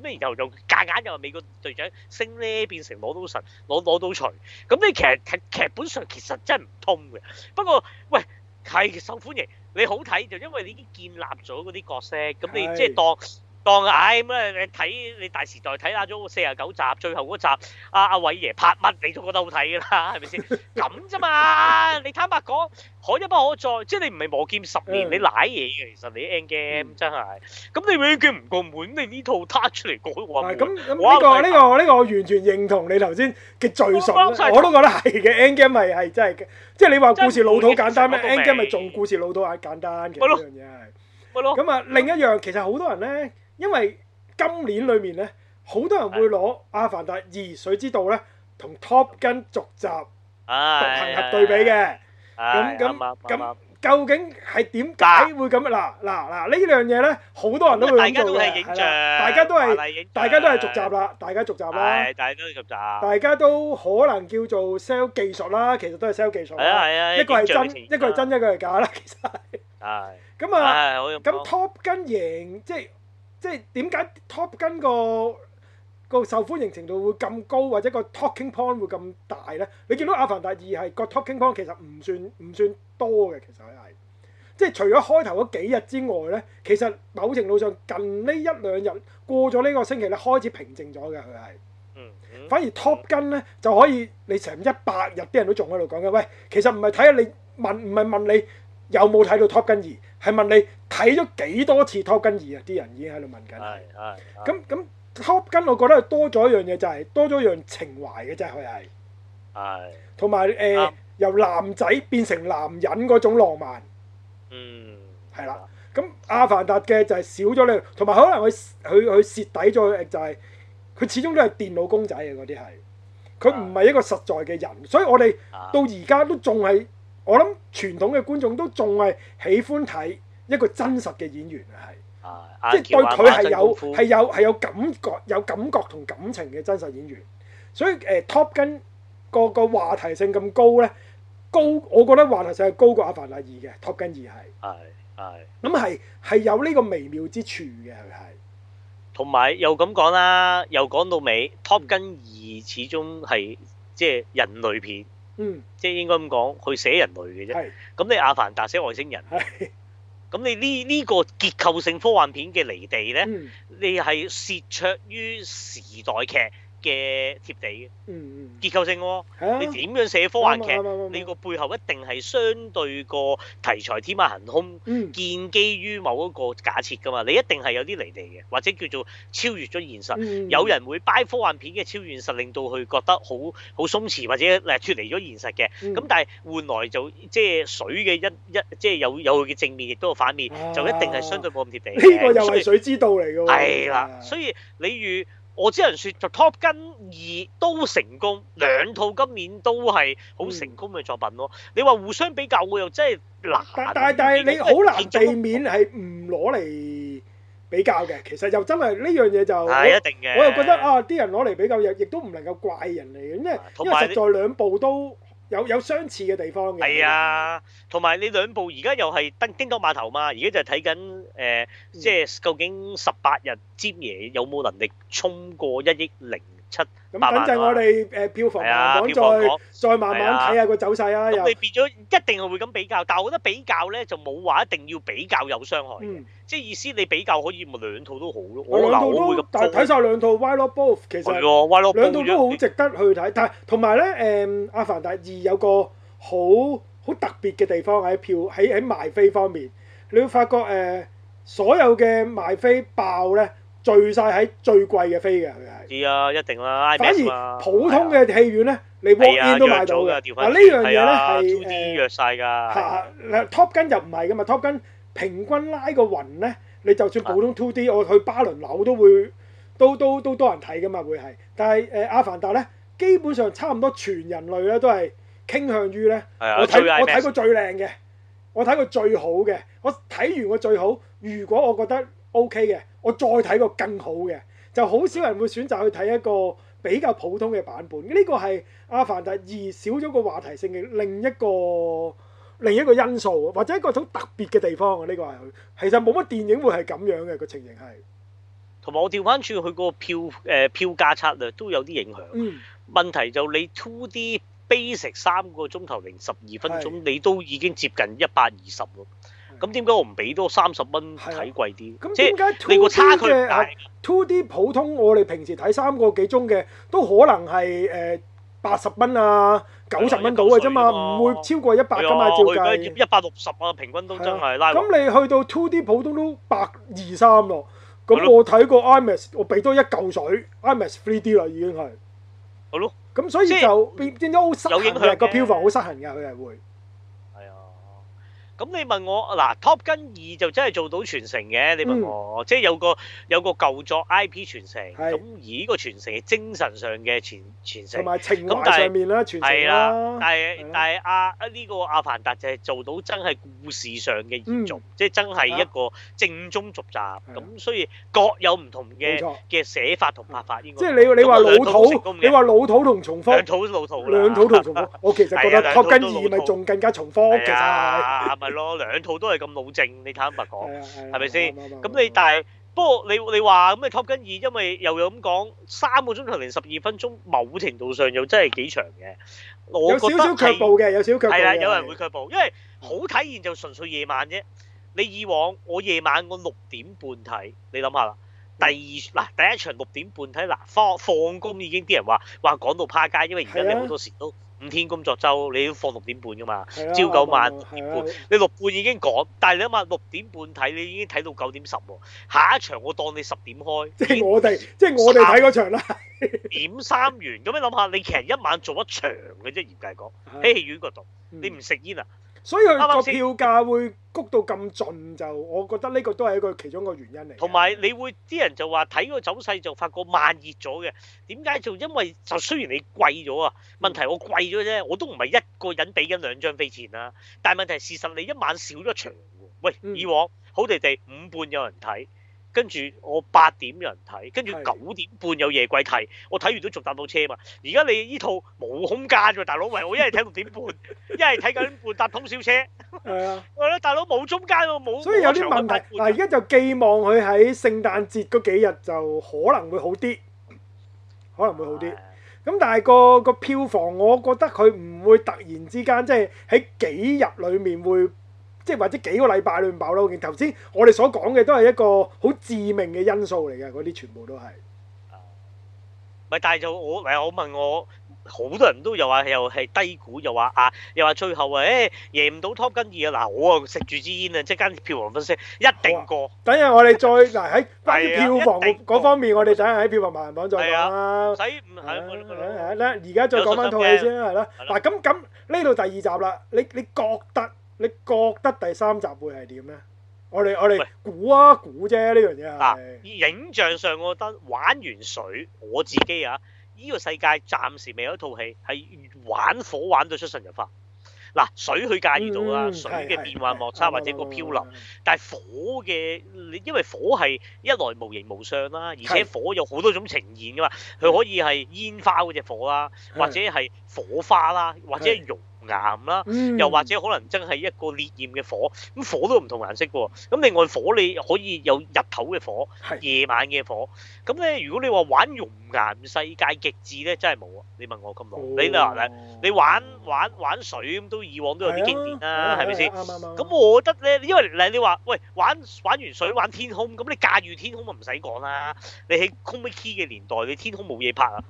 咁然後又夾硬又話美國隊長升咧變成攞刀神，攞攞刀錘。咁你其實劇劇本上其實真係唔通嘅。不過喂，係受歡迎，你好睇就因為你已經建立咗嗰啲角色，咁你是即係當。當啊！咁咧，你睇你大時代睇下咗四十九集，最後嗰集阿阿偉爺拍乜，你都覺得好睇㗎啦，係咪先？咁啫嘛！你坦白講，可一不可再，即係你唔係磨劍十年，你攋嘢嘅其實你 Endgame 真係，咁你永遠唔過門，你呢套出嚟改我唔係咁咁呢個呢個呢個我完全認同你頭先嘅敘述，我都覺得係嘅。Endgame 咪係真係嘅，即係你話故事老土簡單，Endgame 咪仲故事老土啊簡單嘅，呢樣嘢係。咪咯。咁啊，另一樣其實好多人咧，因為今年裏面咧，好多人會攞《阿凡達二：水之道》咧同 Top Gun 續集獨行俠對比嘅。咁咁咁究竟係點解會咁啊？嗱嗱嗱呢樣嘢咧，好多人都會噉做。大家都係影像，大家都係大家都係續集啦，大家續集啦，大家都續集，大家都可能叫做 sell 技術啦，其實都係 sell 技術啦。一個係真，一個係真，一個係假啦，其實係。係。咁啊，咁 Top Gun 贏即係。即係點解 Top Gun 個個受歡迎程度會咁高，或者個 Talking Point 會咁大咧？你見到《阿凡達二》係個 Talking Point 其實唔算唔算多嘅，其實佢係即係除咗開頭嗰幾日之外咧，其實某程度上近呢一兩日過咗呢個星期咧，開始平靜咗嘅佢係。反而 Top Gun 咧就可以，你成一百日啲人都仲喺度講緊。喂，其實唔係睇下你問，唔係問你有冇睇到 Top Gun 二。係問你睇咗幾多次《Top Gun 2》啊？啲人已經喺度問緊。係係。咁咁《Top Gun》，我覺得係多咗一樣嘢，就係多咗一樣情懷嘅啫。佢係。同埋誒，呃啊、由男仔變成男人嗰種浪漫。嗯。係啦的。咁的《阿、啊、凡達》嘅就係少咗你，同埋可能佢佢佢蝕底咗、就是，就係佢始終都係電腦公仔嘅嗰啲係。佢唔係一個實在嘅人，啊、所以我哋到而家都仲係。我諗傳統嘅觀眾都仲係喜歡睇一個真實嘅演員，係，啊、即係對佢係有係、啊、有係有，有感覺、有感覺同感情嘅真實演員。所以誒、啊、Top Gun 個個話題性咁高咧，高我覺得話題性係高過《阿凡達二》嘅、啊，啊《Top Gun 二》係，係，咁係係有呢個微妙之處嘅佢係。同埋又咁講啦，又講到尾，《Top Gun 二》始終係即係人類片。嗯，即係應該咁講，去寫人類嘅啫。係是，咁你阿凡達寫外星人，係是，咁你呢呢、呢個結構性科幻片嘅離地呢，嗯、你係涉灼於時代劇。嘅貼地嘅，嗯嗯，結構性喎、喔，你點樣寫科幻劇？你個背後一定係相對個題材《天馬行空》，建基於某一個假設㗎嘛。你一定係有啲離地嘅，或者叫做超越咗現實。有人會掰科幻片嘅超現實，令到佢覺得好好鬆弛，或者嗱脱離咗現實嘅。咁但係換來就即係水嘅一一，即係有有佢嘅正面，亦都有反面，就一定係相對冇咁貼地。呢個又係水之道嚟嘅係啦，所以你如我只能説就 Top 跟二都成功，兩套今年都係好成功嘅作品咯。嗯、你話互相比較，我又真係難，但係但係你好難避免係唔攞嚟比較嘅。其實又真係呢樣嘢就係、啊、我一定嘅。我又覺得啊，啲人攞嚟比較亦都唔能夠怪人嚟嘅，因為因為實在兩部都。有有相似嘅地方嘅，係啊，同埋、嗯、你兩部而家又係登京東碼頭嘛，而家就睇緊誒即係究竟十八日尖爺有冇能力衝過一億零？七咁等陣，我哋誒票房再再慢慢睇下個走勢啦。又你變咗一定係會咁比較，但係我覺得比較咧就冇話一定要比較有傷害，即係意思你比較可以咪兩套都好咯。我兩套都，但係睇曬兩套 Why not both，其實兩套都好值得去睇。但係同埋咧，誒《阿凡達二》有個好好特別嘅地方喺票喺喺賣飛方面，你會發覺誒所有嘅賣飛爆咧。聚晒喺最貴嘅飛嘅，佢係啊，一定啦。反而普通嘅戲院咧，你 walk in 都買到嘅。嗱呢樣嘢咧係 two D 弱勢㗎，Top Gun 就唔係㗎嘛，Top Gun 平均拉個雲咧，你就算普通 two D，我去巴倫樓都會都都都多人睇㗎嘛，會係。但係誒，《阿凡達》咧基本上差唔多全人類咧都係傾向於咧。我睇我睇過最靚嘅，我睇過最好嘅，我睇完我最好，如果我覺得 O K 嘅。我再睇個更好嘅，就好少人會選擇去睇一個比較普通嘅版本。呢、這個係阿凡達二少咗個話題性嘅另一個另一個因素，或者一個好特別嘅地方。呢、這個係佢其實冇乜電影會係咁樣嘅，這個情形係。同埋我調翻轉去個票誒、呃、票價策略都有啲影響。嗯、問題就你 2D basic 三個鐘頭零十二分鐘，是的 你都已經接近一百二十喎。咁點解我唔俾多三十蚊睇貴啲？咁點解 2D 嘅 2D 普通我哋平時睇三個幾鐘嘅都可能係誒八十蚊啊九十蚊到嘅啫嘛，唔、啊、會超過一百㗎嘛，啊、照計一百六十啊，平均都真係、啊、拉。咁你去到 two d 普通都百二三咯，咁我睇過 IMAX 我俾多一嚿水 IMAX 3D 啦，已經係係咯，咁、啊、所以就變咗好失衡，個票房好失衡嘅佢係會。咁你問我嗱，Top 跟二就真係做到傳承嘅，你問我，即係有個有個舊作 IP 傳承，咁而呢個傳承係精神上嘅傳傳承，同埋情懷上面啦，傳承啦。係啦，但係但係阿啊呢個阿凡達就係做到真係故事上嘅延續，即係真係一個正宗續集。咁所以各有唔同嘅嘅寫法同拍法。應該，即係你你話老土，你話老土同重複，兩土老土，兩土同重複。我其實覺得 Top 跟二咪仲更加重複嘅。係咯，兩套都係咁老正，你坦白講，係咪先？咁你但係，不過你你話咁你 top 緊二，因為又有咁講三個鐘頭零十二分鐘，某程度上又真係幾長嘅。我覺得有少少卻步嘅，有少少卻步，係啊，有人會卻步，因為好體現就純粹夜晚啫。你以往我夜晚我六點半睇，你諗下啦，第二嗱第一場六點半睇嗱，放放工已經啲人話話趕到趴街，因為而家你好多時都。五天工作周，你要放六點半噶嘛？的朝九晚六點半，的你六半已經趕，的但係你諗下六點半睇，你已經睇到九點十喎。下一場我當你十點開，即係我哋，即係我哋睇嗰場啦。 點三元咁樣諗下，你其實一晚做一場嘅啫，嚴格嚟講，喺戲院嗰度，嗯、你唔食煙啊？所以佢個票價會谷到咁盡，就我覺得呢個都係一個其中一個原因嚟。同埋你會啲人就話睇個走勢就發覺慢熱咗嘅，點解就因為就雖然你貴咗啊，問題我貴咗啫，我都唔係一個人俾緊兩張飛錢啦。但係問題係事實你一晚少咗場喎。喂，以往、嗯、好地地五半有人睇。跟住我八點有人睇，跟住九點半有夜鬼睇，是的 我睇完都仲搭到車嘛。而家你依套冇空間咋，大佬喂，我一係睇六點半， 一係睇緊半搭通宵車。係啊， 大佬冇中間喎，冇。所以有啲問題嗱，而家就寄望佢喺聖誕節嗰幾日就可能會好啲，可能會好啲。咁是的 但係、嗰個、嗰個票房，我覺得佢唔會突然之間即係喺幾日裡面會。即係或者幾個禮拜裏面爆樓嘅，頭先我哋所講嘅都係一個好致命嘅因素嚟嘅，嗰啲全部都係。但係就我係，我問我好多人都又話又係低估，又話啊，又話最後啊，誒贏唔到 Top Gun 二啊！嗱，我啊食住支煙啊，即係跟啲票房分析，一定過。等下我哋再嗱喺關於票房嘅嗰方面，我哋等下喺票房排行榜再講啦。喺唔喺？係啦，而家再講翻套戲先係啦。嗱咁咁，呢度第二集啦，你你覺得？你覺得第三集會係點呢？我哋我哋、啊、嘿估啊估啫，呢樣嘢係。影像上，我覺得玩完水，我自己啊，呢、呢個世界暫時未有一套戲係玩火玩到出神入化。嗱，嗯、水佢介意到啦，水嘅變幻莫測或者個漂流，嗯嗯、但係火嘅，因為火係一來無形無相啦，而且火有好多種呈現㗎嘛，佢是可以係煙花嗰隻火啦，或者係火花啦是是，或者係熔。啱啦，嗯、又或者可能真係一個烈焰嘅火，咁火都唔同顏色喎。咁另外火你可以有日頭嘅火、是的 夜晚嘅火。咁咧，如果你話玩熔。亞世界極致咧，真係冇啊！你問我咁耐，你話咧，你玩玩玩水咁都以往都有啲經典啦，係咪先？咁我覺得咧，因為咧你話喂，玩玩完水玩天空，咁你駕馭天空咪唔使講啦。你喺 c o m 嘅年代，你天空冇嘢拍啊，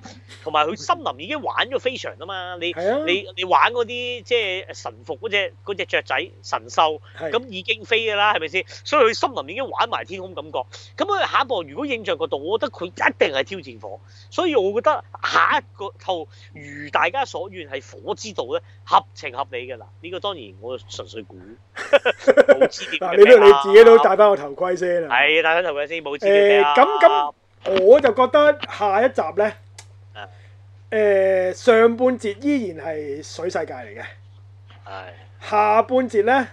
同埋佢森林已經玩咗飛翔啊嘛。你你你玩嗰啲即係神服嗰隻隻雀仔神獸，咁已經飛嘅啦，係咪先？所以佢森林已經玩埋天空感覺。咁佢下一步如果影像角度，我覺得佢一定係挑戰火。所以我覺得下一個套如大家所願，係火之道咧，合情合理嘅嗱，呢、這個當然我純粹估，冇知點解。嗱，你都你自己都戴翻個頭盔先啦，係、哎、戴翻頭盔先，冇知點解，咁咁、啊呃，我就覺得下一集咧，誒、呃，上半節依然係水世界嚟嘅，係、哎，下半節咧，誒、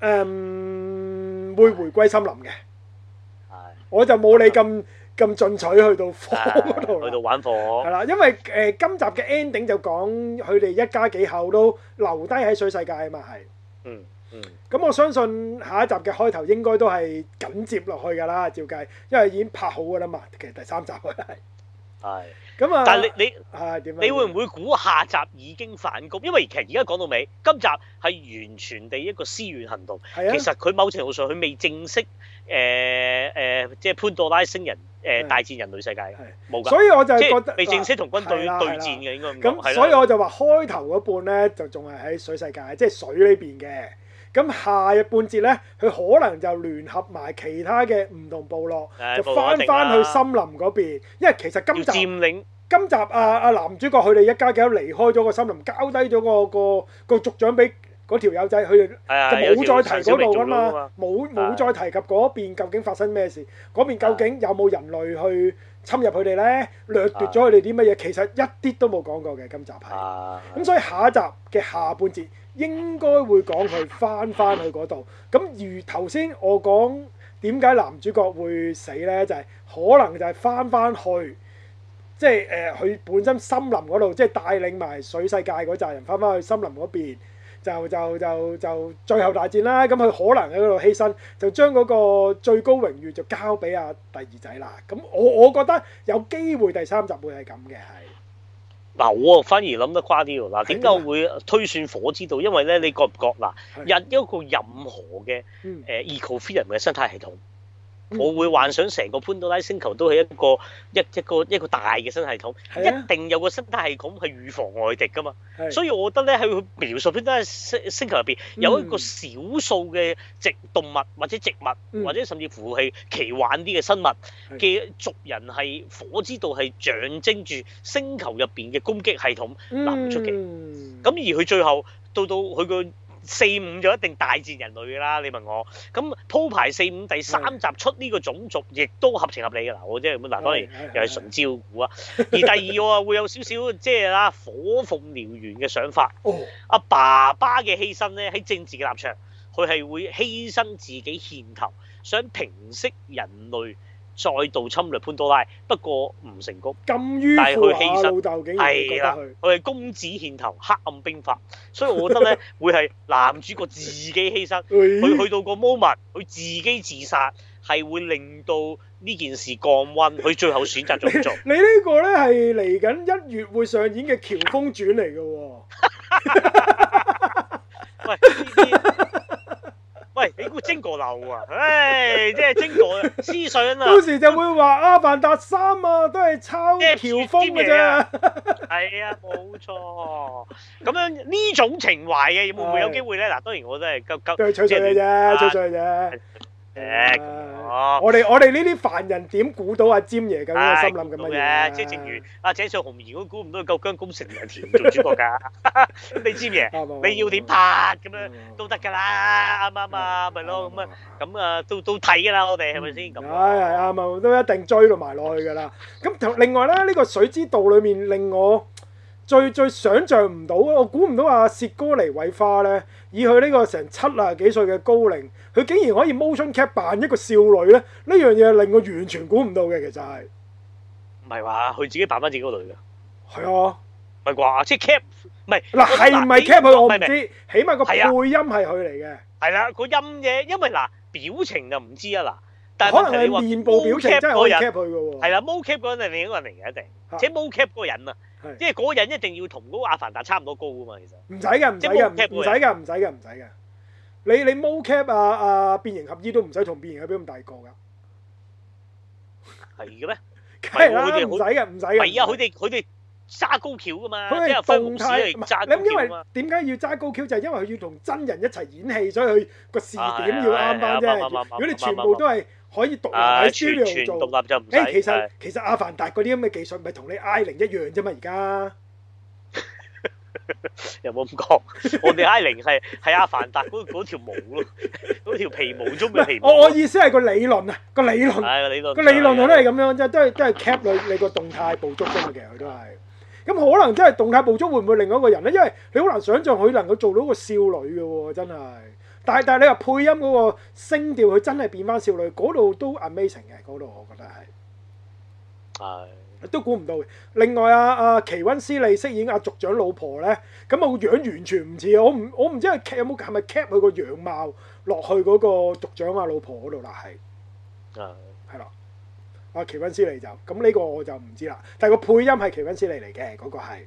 嗯，會回歸森林嘅，係、哎，我就冇你咁。咁進取去到火度，去到玩火，係啦，因為誒、呃、今集嘅 ending 就講佢哋一家幾口都留低喺水世界啊嘛，係、嗯。嗯嗯。咁我相信下一集嘅開頭應該都係緊接落去㗎啦，照計，因為已經拍好㗎啦嘛，其實第三集係。係。哎咁啊，但係你你你會唔會估下集已經反攻？因為其實而家講到尾，今集係完全地一個私怨行動。其實佢某程度上佢未正式誒誒，即係潘多拉星人誒大戰人類世界嘅，冇。所以我就係覺得未正式同軍隊對戰嘅應該咁。所以我就話開頭嗰半咧，就仲係喺水世界，即係水呢邊嘅。咁下日半節呢，佢可能就聯合埋其他嘅唔同部落，的就翻翻去森林嗰邊。因為其實今集今集啊啊男主角佢哋一家幾多離開咗個森林，交低咗、嗰個、嗰個嗰個族長俾嗰條友仔，佢哋就冇的再提嗰度㗎嘛，冇冇的再提及嗰邊究竟發生咩事，嗰的邊究竟有冇人類去侵入佢哋呢？掠奪咗佢哋啲乜嘢？的其實一啲都冇講過嘅今集係，咁的、啊、所以下一集嘅下半節。應該會講佢翻翻去嗰度。咁如頭先我講點解男主角會死呢？就係可能就係翻翻去，即係誒佢本身森林嗰度，即係帶領埋水世界嗰陣人翻翻去森林嗰邊，就就就就最後大戰啦。咁佢可能喺嗰度犧牲，就將嗰個最高榮譽就交俾阿第二仔啦。咁我我覺得有機會第三集會係咁嘅，係。嗱，我反而諗得誇啲喎。嗱，點解會推算火知道？因為咧，你覺唔覺嗱，入一個任何嘅、呃、e c o f r i e n d l y n g 嘅生態系統。我會幻想成個潘多拉星球都係一個一一個一個,一個大嘅新系統，的一定有一個生態系統去預防外敵㗎嘛。的所以我覺得呢，係去描述翻咧星星球入邊有一個少數嘅植動物或者植物，嗯、或者甚至乎係奇幻啲嘅生物嘅族人係火之道係象徵住星球入邊嘅攻擊系統，難唔出奇。咁而佢最後到到佢個。四五就一定大戰人類㗎啦，你問我。咁鋪排四五第三集出呢個種族，嗯、亦都合情合理㗎喇。我即係咁嗱，當然又係純照顧啊。 而第二我、哦、會有少少即係啦，火鳳燎原嘅想法。阿、哦啊、爸爸嘅犧牲呢，喺政治嘅立場，佢係會犧牲自己獻頭，想平息人類。再度侵略潘多拉，不過唔成功。禁於但係佢犧牲究竟係佢係公子獻頭，黑暗兵法，所以我覺得呢 會係男主角自己犧牲。佢 去到個 moment，佢自己自殺，係會令到呢件事降溫。佢最後選擇咗做。 你呢個呢係嚟緊一月會上演嘅《喬峯傳》嚟㗎喎。喂！你估、 哎、精哥流啊？唉，即係精哥思想啊！嗰 時就會話阿凡達三啊，都係抄喬峰嘅啫。係、 哎、啊，冇錯。咁樣呢種情懷嘅會唔會有機會咧？嗱，當然我都係溝溝，都係吹你嘅啫，吹水嘅。啊哦，我哋我哋呢啲凡人點估到阿占爺咁心諗咁樣嘅？即係正如阿井上弘毅都估唔到夠姜公成日做主角㗎。你占爺，你要點拍咁樣都得㗎啦，啱唔啱啊？咪咯，咁啊，咁啊都都睇㗎啦，我哋係咪先咁？係啊，啱啊，都一定追到埋落去㗎啦。咁另外咧，呢個水之道裏面令我～最最想像唔到啊！我估唔到阿薛歌妮韋花咧，以佢呢個成七啊幾歲嘅高齡，佢竟然可以 motion cap 扮一個少女咧！呢樣嘢係令我完全估唔到嘅，其實係唔係話佢自己扮翻自己個女嘅？係啊，唔係啩？即係 cap 唔係嗱，係唔係 cap 佢？你我唔知，起碼個配音係佢嚟嘅。係啦、啊，啊個音嘅，因為嗱、啊、表情就唔知啊嗱，但係可能面部表情真係可以 cap 佢嘅喎。係啦，mocap 嗰陣係另一個嚟嘅一定，即係 mocap 嗰個人啊。啊啊即係嗰人一定要同嗰阿凡達差唔多高噶嘛，其實唔使嘅，唔使嘅，唔使嘅，唔使嘅，唔使嘅。你你 mocap、ok、啊啊變形俠醫都唔使同變形俠比咁大個噶，係嘅咩？係啊，唔使嘅，唔使係啊，佢哋佢哋揸高蹺噶嘛，佢哋動態唔係，因為點解要揸高蹺就係因為佢要同真人一齊演戲，所以佢個視點要啱翻啫。如果你全部都係。可以讀喺書裏邊做，誒其實對 其實阿凡達嗰啲咁嘅技術唔係同你艾玲一樣啫嘛？而家 有冇咁講？ 我哋艾玲係係阿凡達嗰 條毛咯，嗰 條皮毛中嘅皮毛。我我，我意思係個理論啊，個理論，個理論、哎、我理論 都係咁樣，即係都係都係 cap 你你個動態捕捉啫嘛。其實佢都係咁，可能真係動態捕捉會唔會另外一個人咧？因為你好難想象佢能夠做到個少女嘅喎，真係。真但係但係你話配音嗰個聲調，佢真係變翻少女，嗰度都 amazing 嘅，嗰度我覺得係。係、哎。都估唔到嘅。另外啊啊，奇温斯利飾演阿、啊、族長老婆咧，咁啊個樣完全唔似啊！我唔我唔知係有冇係咪 cap 佢個樣貌落去嗰個族長阿老婆嗰度啦，係、哎。啊，係咯。阿奇温斯利就咁呢個我就唔知啦。但係個配音係奇温斯利嚟嘅，嗰、嗰個係。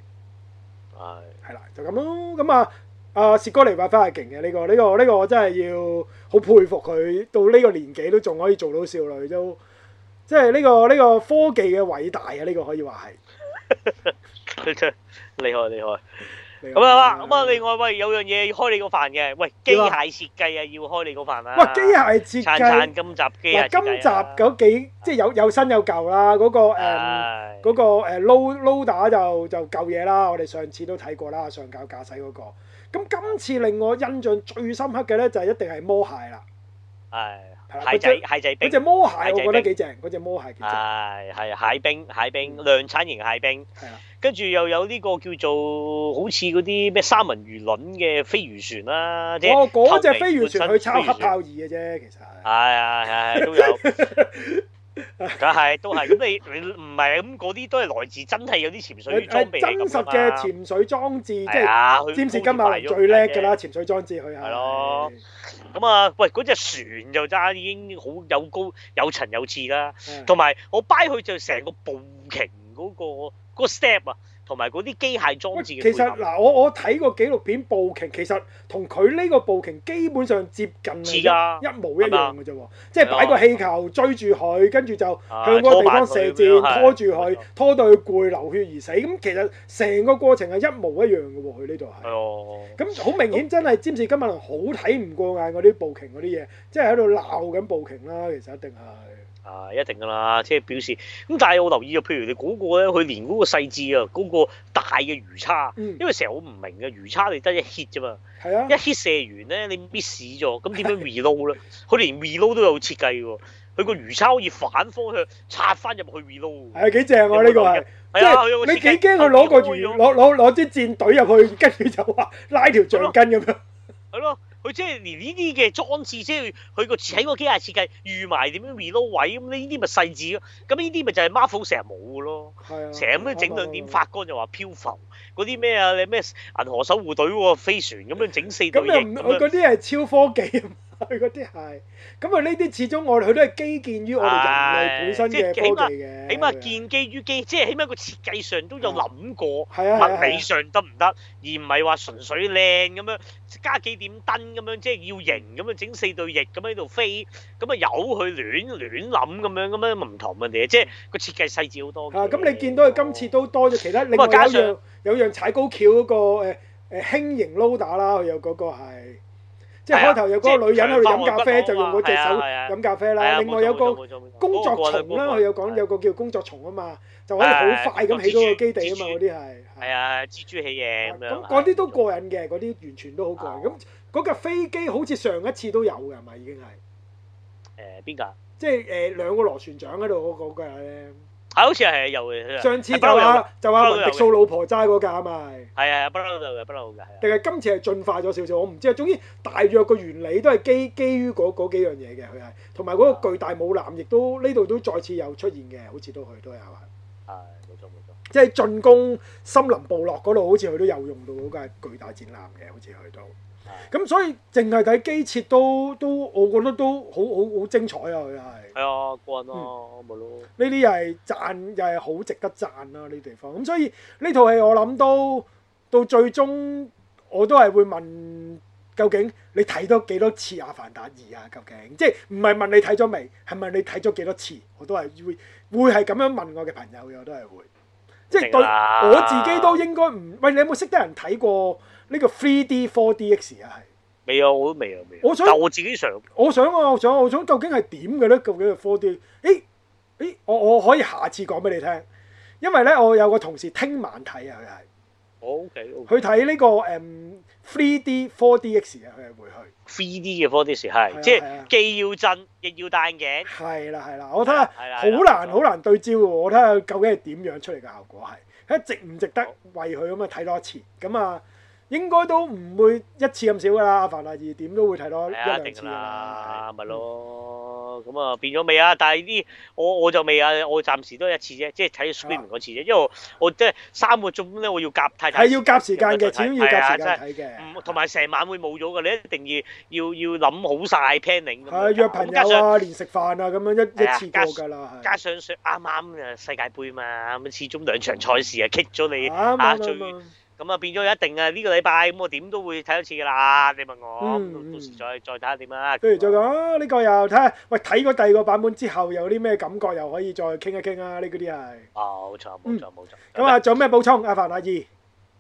係、哎。係啦，就咁咯，咁啊。啊！Uh, 尼薛歌妮韋花係勁嘅，呢個，呢個呢個我真係要好佩服佢，到呢個年紀都仲可以做到少女，都即係呢個呢個科技嘅偉大啊！呢個可以話係 厲害厲害！咁啊，咁啊，另外喂，有樣嘢要開你個飯嘅，喂，機械設計啊，要開你個飯啊！喂，機械設計，今集嘅，今集，嗰幾，即係有有新有舊啦，嗰、那個誒，嗰、嗯哎那個誒、呃、Loader 就就舊嘢啦，我哋上次都睇過啦，上教駕駛嗰個，咁今次令我印象最深刻嘅咧，就係、是、一定係摩鞋啦，係、哎。蟹仔，蟹仔冰，嗰隻魔蟹，我覺得幾正，嗰隻魔蟹幾正。係蟹冰，蟹冰，量產型蟹冰。係啦的，跟住又有呢個叫做好似嗰啲咩三文魚卵嘅飛魚船啦，啊，即係。哦，嗰隻飛魚船去抄黑豹二嘅啫，其實係。係啊，係都有。 梗係都係，咁 你唔唔係啊？咁嗰啲都係來自真係有啲潛水裝備嘅。真實嘅潛水裝置，即係占、啊、士金馬倫最叻嘅啦，潛水裝置佢係。係咯。咁啊，喂、啊，嗰隻、啊、船就揸已經好有高有層有刺啦，同埋、啊、我掰佢就成個捕鯨嗰個 step 啊。同埋嗰啲機械裝置嘅配合。其實嗱、啊，我我睇過紀錄片捕鯨，其實同佢呢個捕鯨基本上接近一模一樣嘅啫喎。嗎即係擺個氣球追住佢，跟住就向個地方射箭拖住佢，拖到佢攰流血而死。咁其實成個過程係一模一樣嘅喎。佢呢度係。咁好嗎明顯真，真係占士金馬倫好睇唔過眼嗰啲捕鯨嗰啲嘢，即係喺度鬧緊捕鯨啦。其實一定係。啊，一定噶啦，即係表示咁，但係我留意啊，譬如你嗰個咧，佢連嗰個細節啊，嗰個大嘅魚叉，因為成日我唔明嘅魚叉，你得一 hit 啫嘛，一 hit 射完咧，你 miss 咗，咁點樣 reload 咧？佢連 reload 都有設計喎，佢個魚叉可以反方向插翻入去 reload。係啊，幾正啊，呢個係，即係你幾驚佢攞個魚攞攞攞支箭懟入去，跟住就話拉條橡筋咁樣，係咯。佢即係連呢啲嘅裝置，即係佢個喺個機械設計預埋點樣 reload 位，咁呢啲咪細緻咯。咁呢啲咪就係 Marvel 成日冇嘅咯。係啊，成日咁整兩點發光就話漂浮，嗰啲咩啊？你咩銀河守護隊飛船咁樣整四對翼咁樣。咁嗰啲係超科技。佢嗰啲係，咁啊呢啲始終我哋佢都係基建於我哋人類本身嘅科技嘅，起碼建基於基，即係起碼個設計上都有諗過，物理上得唔得，而唔係話純粹靚咁樣，加幾點燈咁樣，即係要型咁樣，整四對翼咁喺度飛，咁啊由佢亂亂諗咁樣咁樣咪唔同嘅嘢，即係個設計細緻好多。啊，咁你見到佢今次都多咗其他另外一樣，加上有樣踩高蹺嗰個誒誒輕型 loader 啦，佢有嗰個係。即係開頭有嗰個女人喺度飲咖啡，就用嗰隻手飲咖啡啦。另外有個工作蟲啦，佢有講有個叫工作蟲啊嘛，就可以好快咁起到個基地啊嘛。嗰啲係係啊，蜘蛛起嘢咁樣。嗰啲都過癮嘅，嗰啲完全都好過癮。咁嗰架飛機好似上一次都有㗎，係咪已經係？誒邊架？即係誒兩個螺旋槳喺度嗰個咧。好似係，又佢上次就話就話說 迪素老婆揸嗰架係咪？係啊，不嬲就係不嬲嘅，定係今次係進化咗少少，我唔知啊。總之大約個原理都係基基於嗰嗰幾樣嘢嘅，佢係同埋嗰個巨大武男亦都呢度都再次有出現嘅，好似都去，都有啊。係冇錯冇錯，即係進攻森林部落嗰度，好似佢都有用到嗰架巨大戰艦嘅，好似去到。咁所以淨係睇機設都都，我覺得都好好好精彩啊！佢係係啊，呢啲、嗯、係又係讚又係好值得讚啦、啊！呢地方，咁所以呢套戲我諗都到最終我都係會問，究竟你睇咗幾多次《阿凡達二》啊？究竟即係唔係問你睇咗未？係問你睇咗幾多次？我都係會會係咁樣問我嘅朋友，我都係會即係對我自己都應該唔喂你有冇識得人睇過？呢個 three D four D X 啊，係未啊？我都未啊，未。就我自己想，我想啊，我想，我想究竟係點嘅咧？究竟係 four D，哎哎，我我可以下次講俾你聽，因為咧我有個同事聽晚睇啊，佢係 O K 去睇呢個誒 three D four D X 啊，佢係會去 three D 嘅 four D X 係即係既要震亦要戴眼鏡係啦係啦。我睇下好難好難對焦。我睇下究竟係點樣出嚟嘅效果係睇值唔值得為佢咁樣睇多次咁啊。應該都唔會一次咁少㗎啦，阿凡達二點都會睇到，一兩次㗎啦，咪咯，咁啊變咗未啊？但係呢，我我就未啊，我暫時都一次啫，即係睇 s w i m 嗰次啫，因為我即係三個鐘咧，我要夾太睇，要夾時間嘅，始終要夾時間同埋成晚會冇咗㗎，你一定要要要諗好晒 planning 咁樣，約朋友啊，連食飯啊咁樣一一次過㗎啦，加上啱啱啊世界盃嘛，咁始終兩場賽事啊，kick 咗你啊最。咁啊，變咗一定啊！呢個禮拜咁我點都會睇一次嘅啦。你問我，到時再再睇下點啊。譬如再講呢個又睇下，喂睇過第二個版本之後有啲咩感覺，又可以再傾一傾啊！呢啲係冇錯冇錯冇錯。咁啊，仲有咩補充啊？《阿凡達二》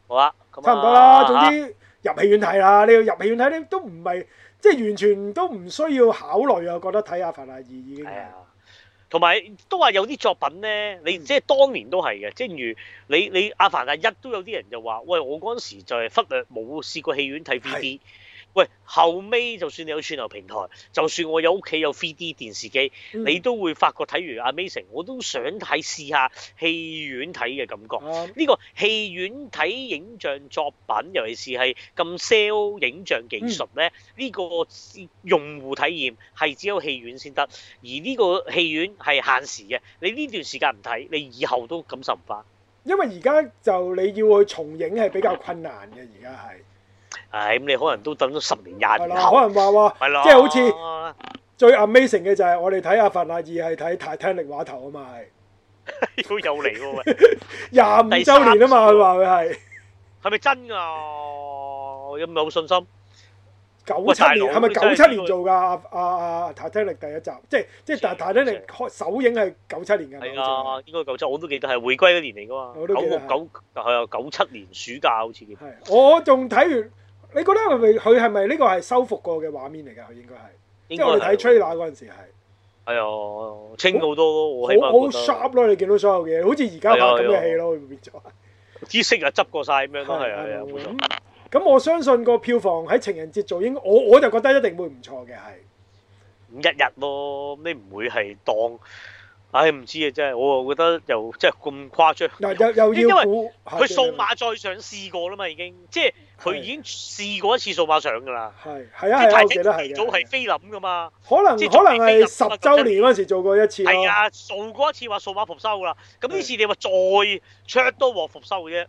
好啊，啊差唔多啦。啊、總之入戲院睇啦，你要入戲院睇，你都唔係即係完全都唔需要考慮啊。覺得睇《阿凡達二》已經、哎呦。哎同埋都話有啲作品咧，你即係當年都係嘅，即如你你阿凡達一都有啲人就話，喂，我嗰陣時就係忽略冇試過戲院睇 V B。」喂，後尾就算你有串流平台，就算我有屋企有 3D 電視機，嗯、你都會發覺睇完 Amazing，我都想睇試下戲院睇嘅感覺。呢、嗯、個戲院睇影像作品，尤其是係咁 sell 影像技術咧，呢、嗯、個用戶體驗係只有戲院先得。而呢個戲院係限時嘅，你呢段時間唔睇，你以後都感受唔翻。因為而家就你要去重影係比較困難嘅，而家係。唉，咁、哎、你可能都等咗十年廿年，啦，可能話話，了即係好似了最 amazing 嘅就係我哋睇阿凡達2係睇泰坦尼克話頭啊嘛，又嚟廿五周年啊嘛，佢話佢係，係咪真噶、啊？有唔有信心？九七年係咪九七年做噶？阿阿阿 Titanic 第一集，即即但 Titanic 開首映係九七年嘅。係啊，應該九七我都記得係回歸嘅年嚟噶嘛。九六九，係啊，九七年暑假好似記。我仲睇完，你覺得係咪佢係咪呢個係修復過嘅畫面嚟㗎？佢應該係，因為我哋睇《Chyna》嗰陣時係。係啊，清好多好 sharp 咯，你見到所有嘢，好似而家拍咁嘅戲咯，知識又執過晒咁樣咯。係啊，係啊，咁我相信個票房喺情人節做，應該我我就覺得一定會唔錯嘅，係。五一日咯，你唔會係當，唉唔知啊！真係，我啊覺得又真係咁誇張。嗱又因為佢數碼再上試過啦嘛，已經即係佢已經試過一次數碼上噶啦。係係啊太我記得係嘅。早係菲林噶嘛，可能可能係十週年嗰陣時做過一次。係啊，數過一次話數碼復修噶啦，咁呢次你話再灼多鑊復修嘅啫。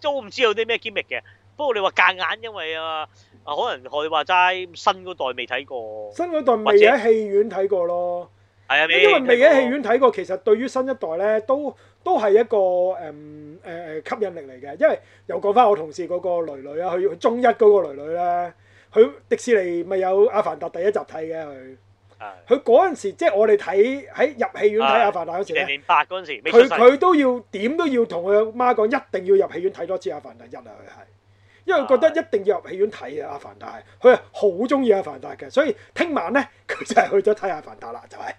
即係我唔知有啲咩機密嘅。不過你話夾硬，硬，因為啊，啊可能佢話齋新嗰代未睇過，新嗰代未喺戲院睇過咯。係啊的，因為未喺戲院睇過，的其實對於新一代咧，都都係一個誒誒誒吸引力嚟嘅。因為又講返我同事嗰個女囡啊，佢中一嗰個女囡咧，佢迪士尼咪有《阿凡達》第一集睇嘅佢。佢嗰陣時，即係我哋睇喺入戲院睇《阿凡達》嗰時，零八嗰陣時，佢佢都要點都要同佢阿媽講，一定要入戲院睇多次《阿凡達》一啊，佢係。因為覺得一定要入戲院睇啊！阿凡達，佢係好鍾意阿凡達嘅，所以聽晚呢，佢就係去咗睇阿凡達啦，就係、是，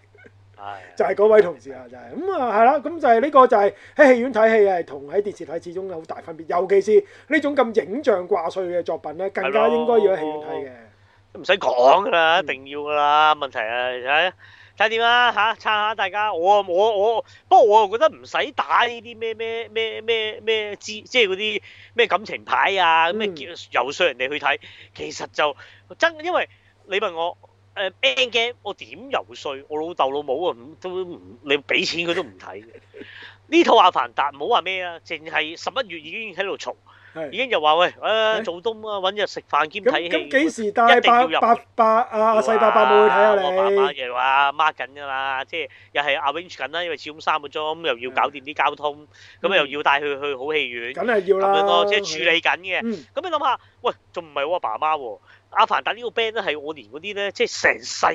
哎、呀 就係嗰位同事啊，就係咁啊，係、嗯嗯、啦，咁、嗯、就係呢個就係喺戲院睇戲係同喺電視睇始終有好大分別，尤其是呢種咁影像掛帥嘅作品呢，更加應該要喺戲院睇嘅，唔使講㗎啦，一定要㗎啦，嗯、問題啊，係、哎。睇點啦嚇，撐下大家。我我我，不過我又覺得唔使打呢啲咩咩咩咩咩資，即係嗰啲咩感情牌啊，咩叫游説人哋去睇。其實就真，因為你問我誒、呃、Endgame，我點游説？我老豆老母 啊，都唔你俾錢佢都唔睇。呢套阿凡達唔好話咩啦，淨係十一月已經喺度嘈。已經就話喂，誒做東啊，揾日食飯兼睇戲。咦一定要入八八啊。哇」阿阿細爸爸去睇下、啊、我阿爸媽又話 mark 緊㗎啦，即係又係阿 win 緊啦，因為始終三個鐘，咁又要搞掂啲交通，咁啊、嗯、又要帶佢去好戲院，咁樣咯，即、就、係、是、處理緊嘅。咁、嗯、你諗下，喂，仲唔係我阿爸媽喎？阿凡達呢個 band 咧係我年嗰啲咧，即係成世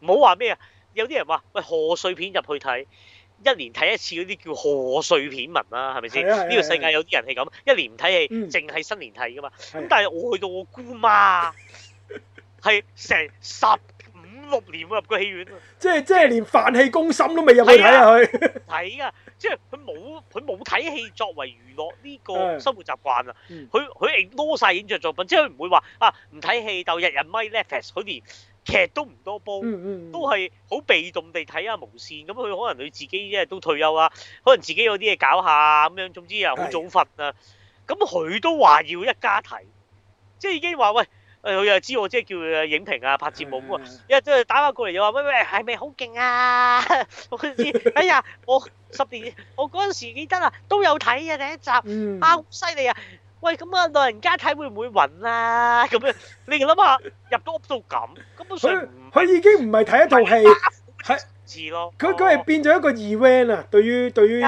唔好話咩啊？就是、有啲人話，喂，賀歲片入去睇。一年睇一次嗰啲叫賀歲片文啦，係咪先？呢個世界有啲人係咁，一年唔睇戲，淨係新年睇㗎嘛。咁但係我去到我姑媽，係成十五六年冇入過戲院，即係即係連飯氣攻心都未入去睇下佢。睇啊！即係佢冇佢冇睇戲作為娛樂呢個生活習慣啊！佢佢誒多晒影像作品，即係佢唔會話啊唔睇戲，就日日咪 Netflix 嗰啲。劇都唔多煲，都係好被動地睇下無線。咁佢可能佢自己啫都退休啦、啊，可能自己有啲嘢搞下咁樣。總之又好早瞓啦、啊。咁佢都話要一家睇，即係已經話喂，佢又知我即係叫佢影評啊、拍節目咁啊。一打翻過嚟又話喂，喂，係咪好勁啊？我知，哎呀，我十年我嗰陣時記得啦、啊，都有睇啊第一集啊犀利啊！喂，咁啊，老人家睇會唔會暈啊？咁樣你哋諗下，入到屋都咁，根本佢已經唔係睇一套戲，字咯 是。佢佢係變咗一個 event 啊！對於對於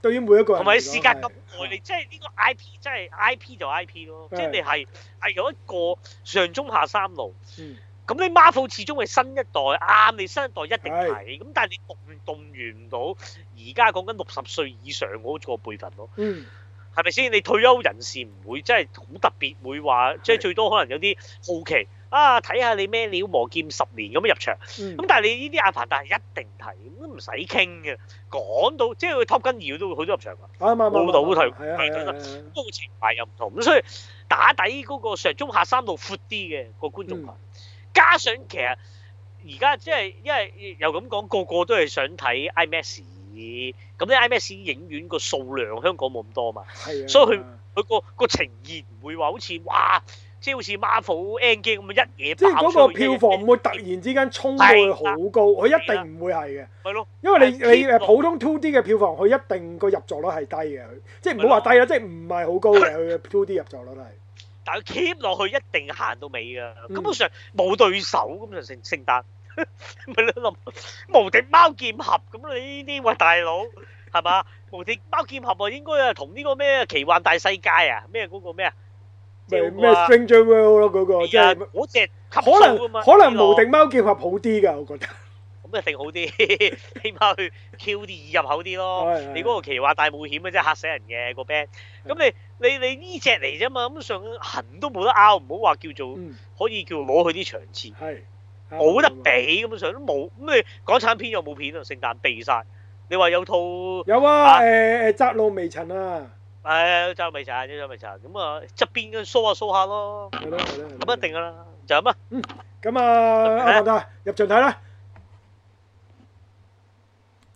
對於每一個人，同埋你時間咁耐，的你即係呢個 IP，即係 IP 就 IP 咯。的即係你係係有一個上中下三路。咁的你 Marvel 始終係新一代，啱你新一代一定係。咁的但係你動唔動員唔到，而家講緊六十歲以上嗰個輩份咯。的係咪先？你退休人士唔會真係好特別，會話即係最多可能有啲好奇啊，睇下你咩料磨劍十年咁樣入場。咁、嗯、但係你呢啲阿凡達係一定提，都唔使傾嘅。講到即係佢 Top Gun 二都好多入場㗎。啊，冇冇冇，都提。係啊係情況又唔同。咁所以打底嗰個上中下三度闊啲嘅、那個觀眾群，嗯、加上其實而家即係因為又咁講，個個,個都係想睇 IMAX。咁啲 IMAX 影院個數量香港冇咁多嘛，所以佢佢個個呈現唔會話好似哇，即係好似 Marvel、N 級咁一嘢，即係嗰個票房唔會突然之間衝到去好高，佢一定唔會係嘅。係咯，因為你你誒普通 Two D 嘅票房，佢一定個入座率係低嘅，即係唔好話低啦，即係唔係好高嘅佢 Two D 入座率都係。但佢 keep 落去一定行到尾㗎，根本上冇對手，咁就上聖聖咪咯，無敵貓劍俠，咁你呢位大佬係嘛？無敵貓劍俠啊，應該啊同呢個咩奇幻大世界啊，咩嗰個咩啊，咩 s 咯個我只可能可能無敵貓劍俠好啲噶，我覺得咁一定好啲，起碼去 Q 啲耳入口啲咯。你嗰個奇幻大冒險啊，真係吓死人嘅個 band，咁你你你呢隻嚟啫嘛，咁上痕都冇得拗，唔好話叫做可以叫做攞佢啲長刺冇得比，根本上都冇。咩港產片又冇片啊？聖誕避曬。你話有套有啊？誒誒，窄路微塵啊！係、欸、啊，窄路、哎、微塵，窄路微塵。咁啊，側邊咁掃下掃下咯。係咯係咯。咁一定㗎啦，就咁啊，嗯。咁啊，啊入場睇啦。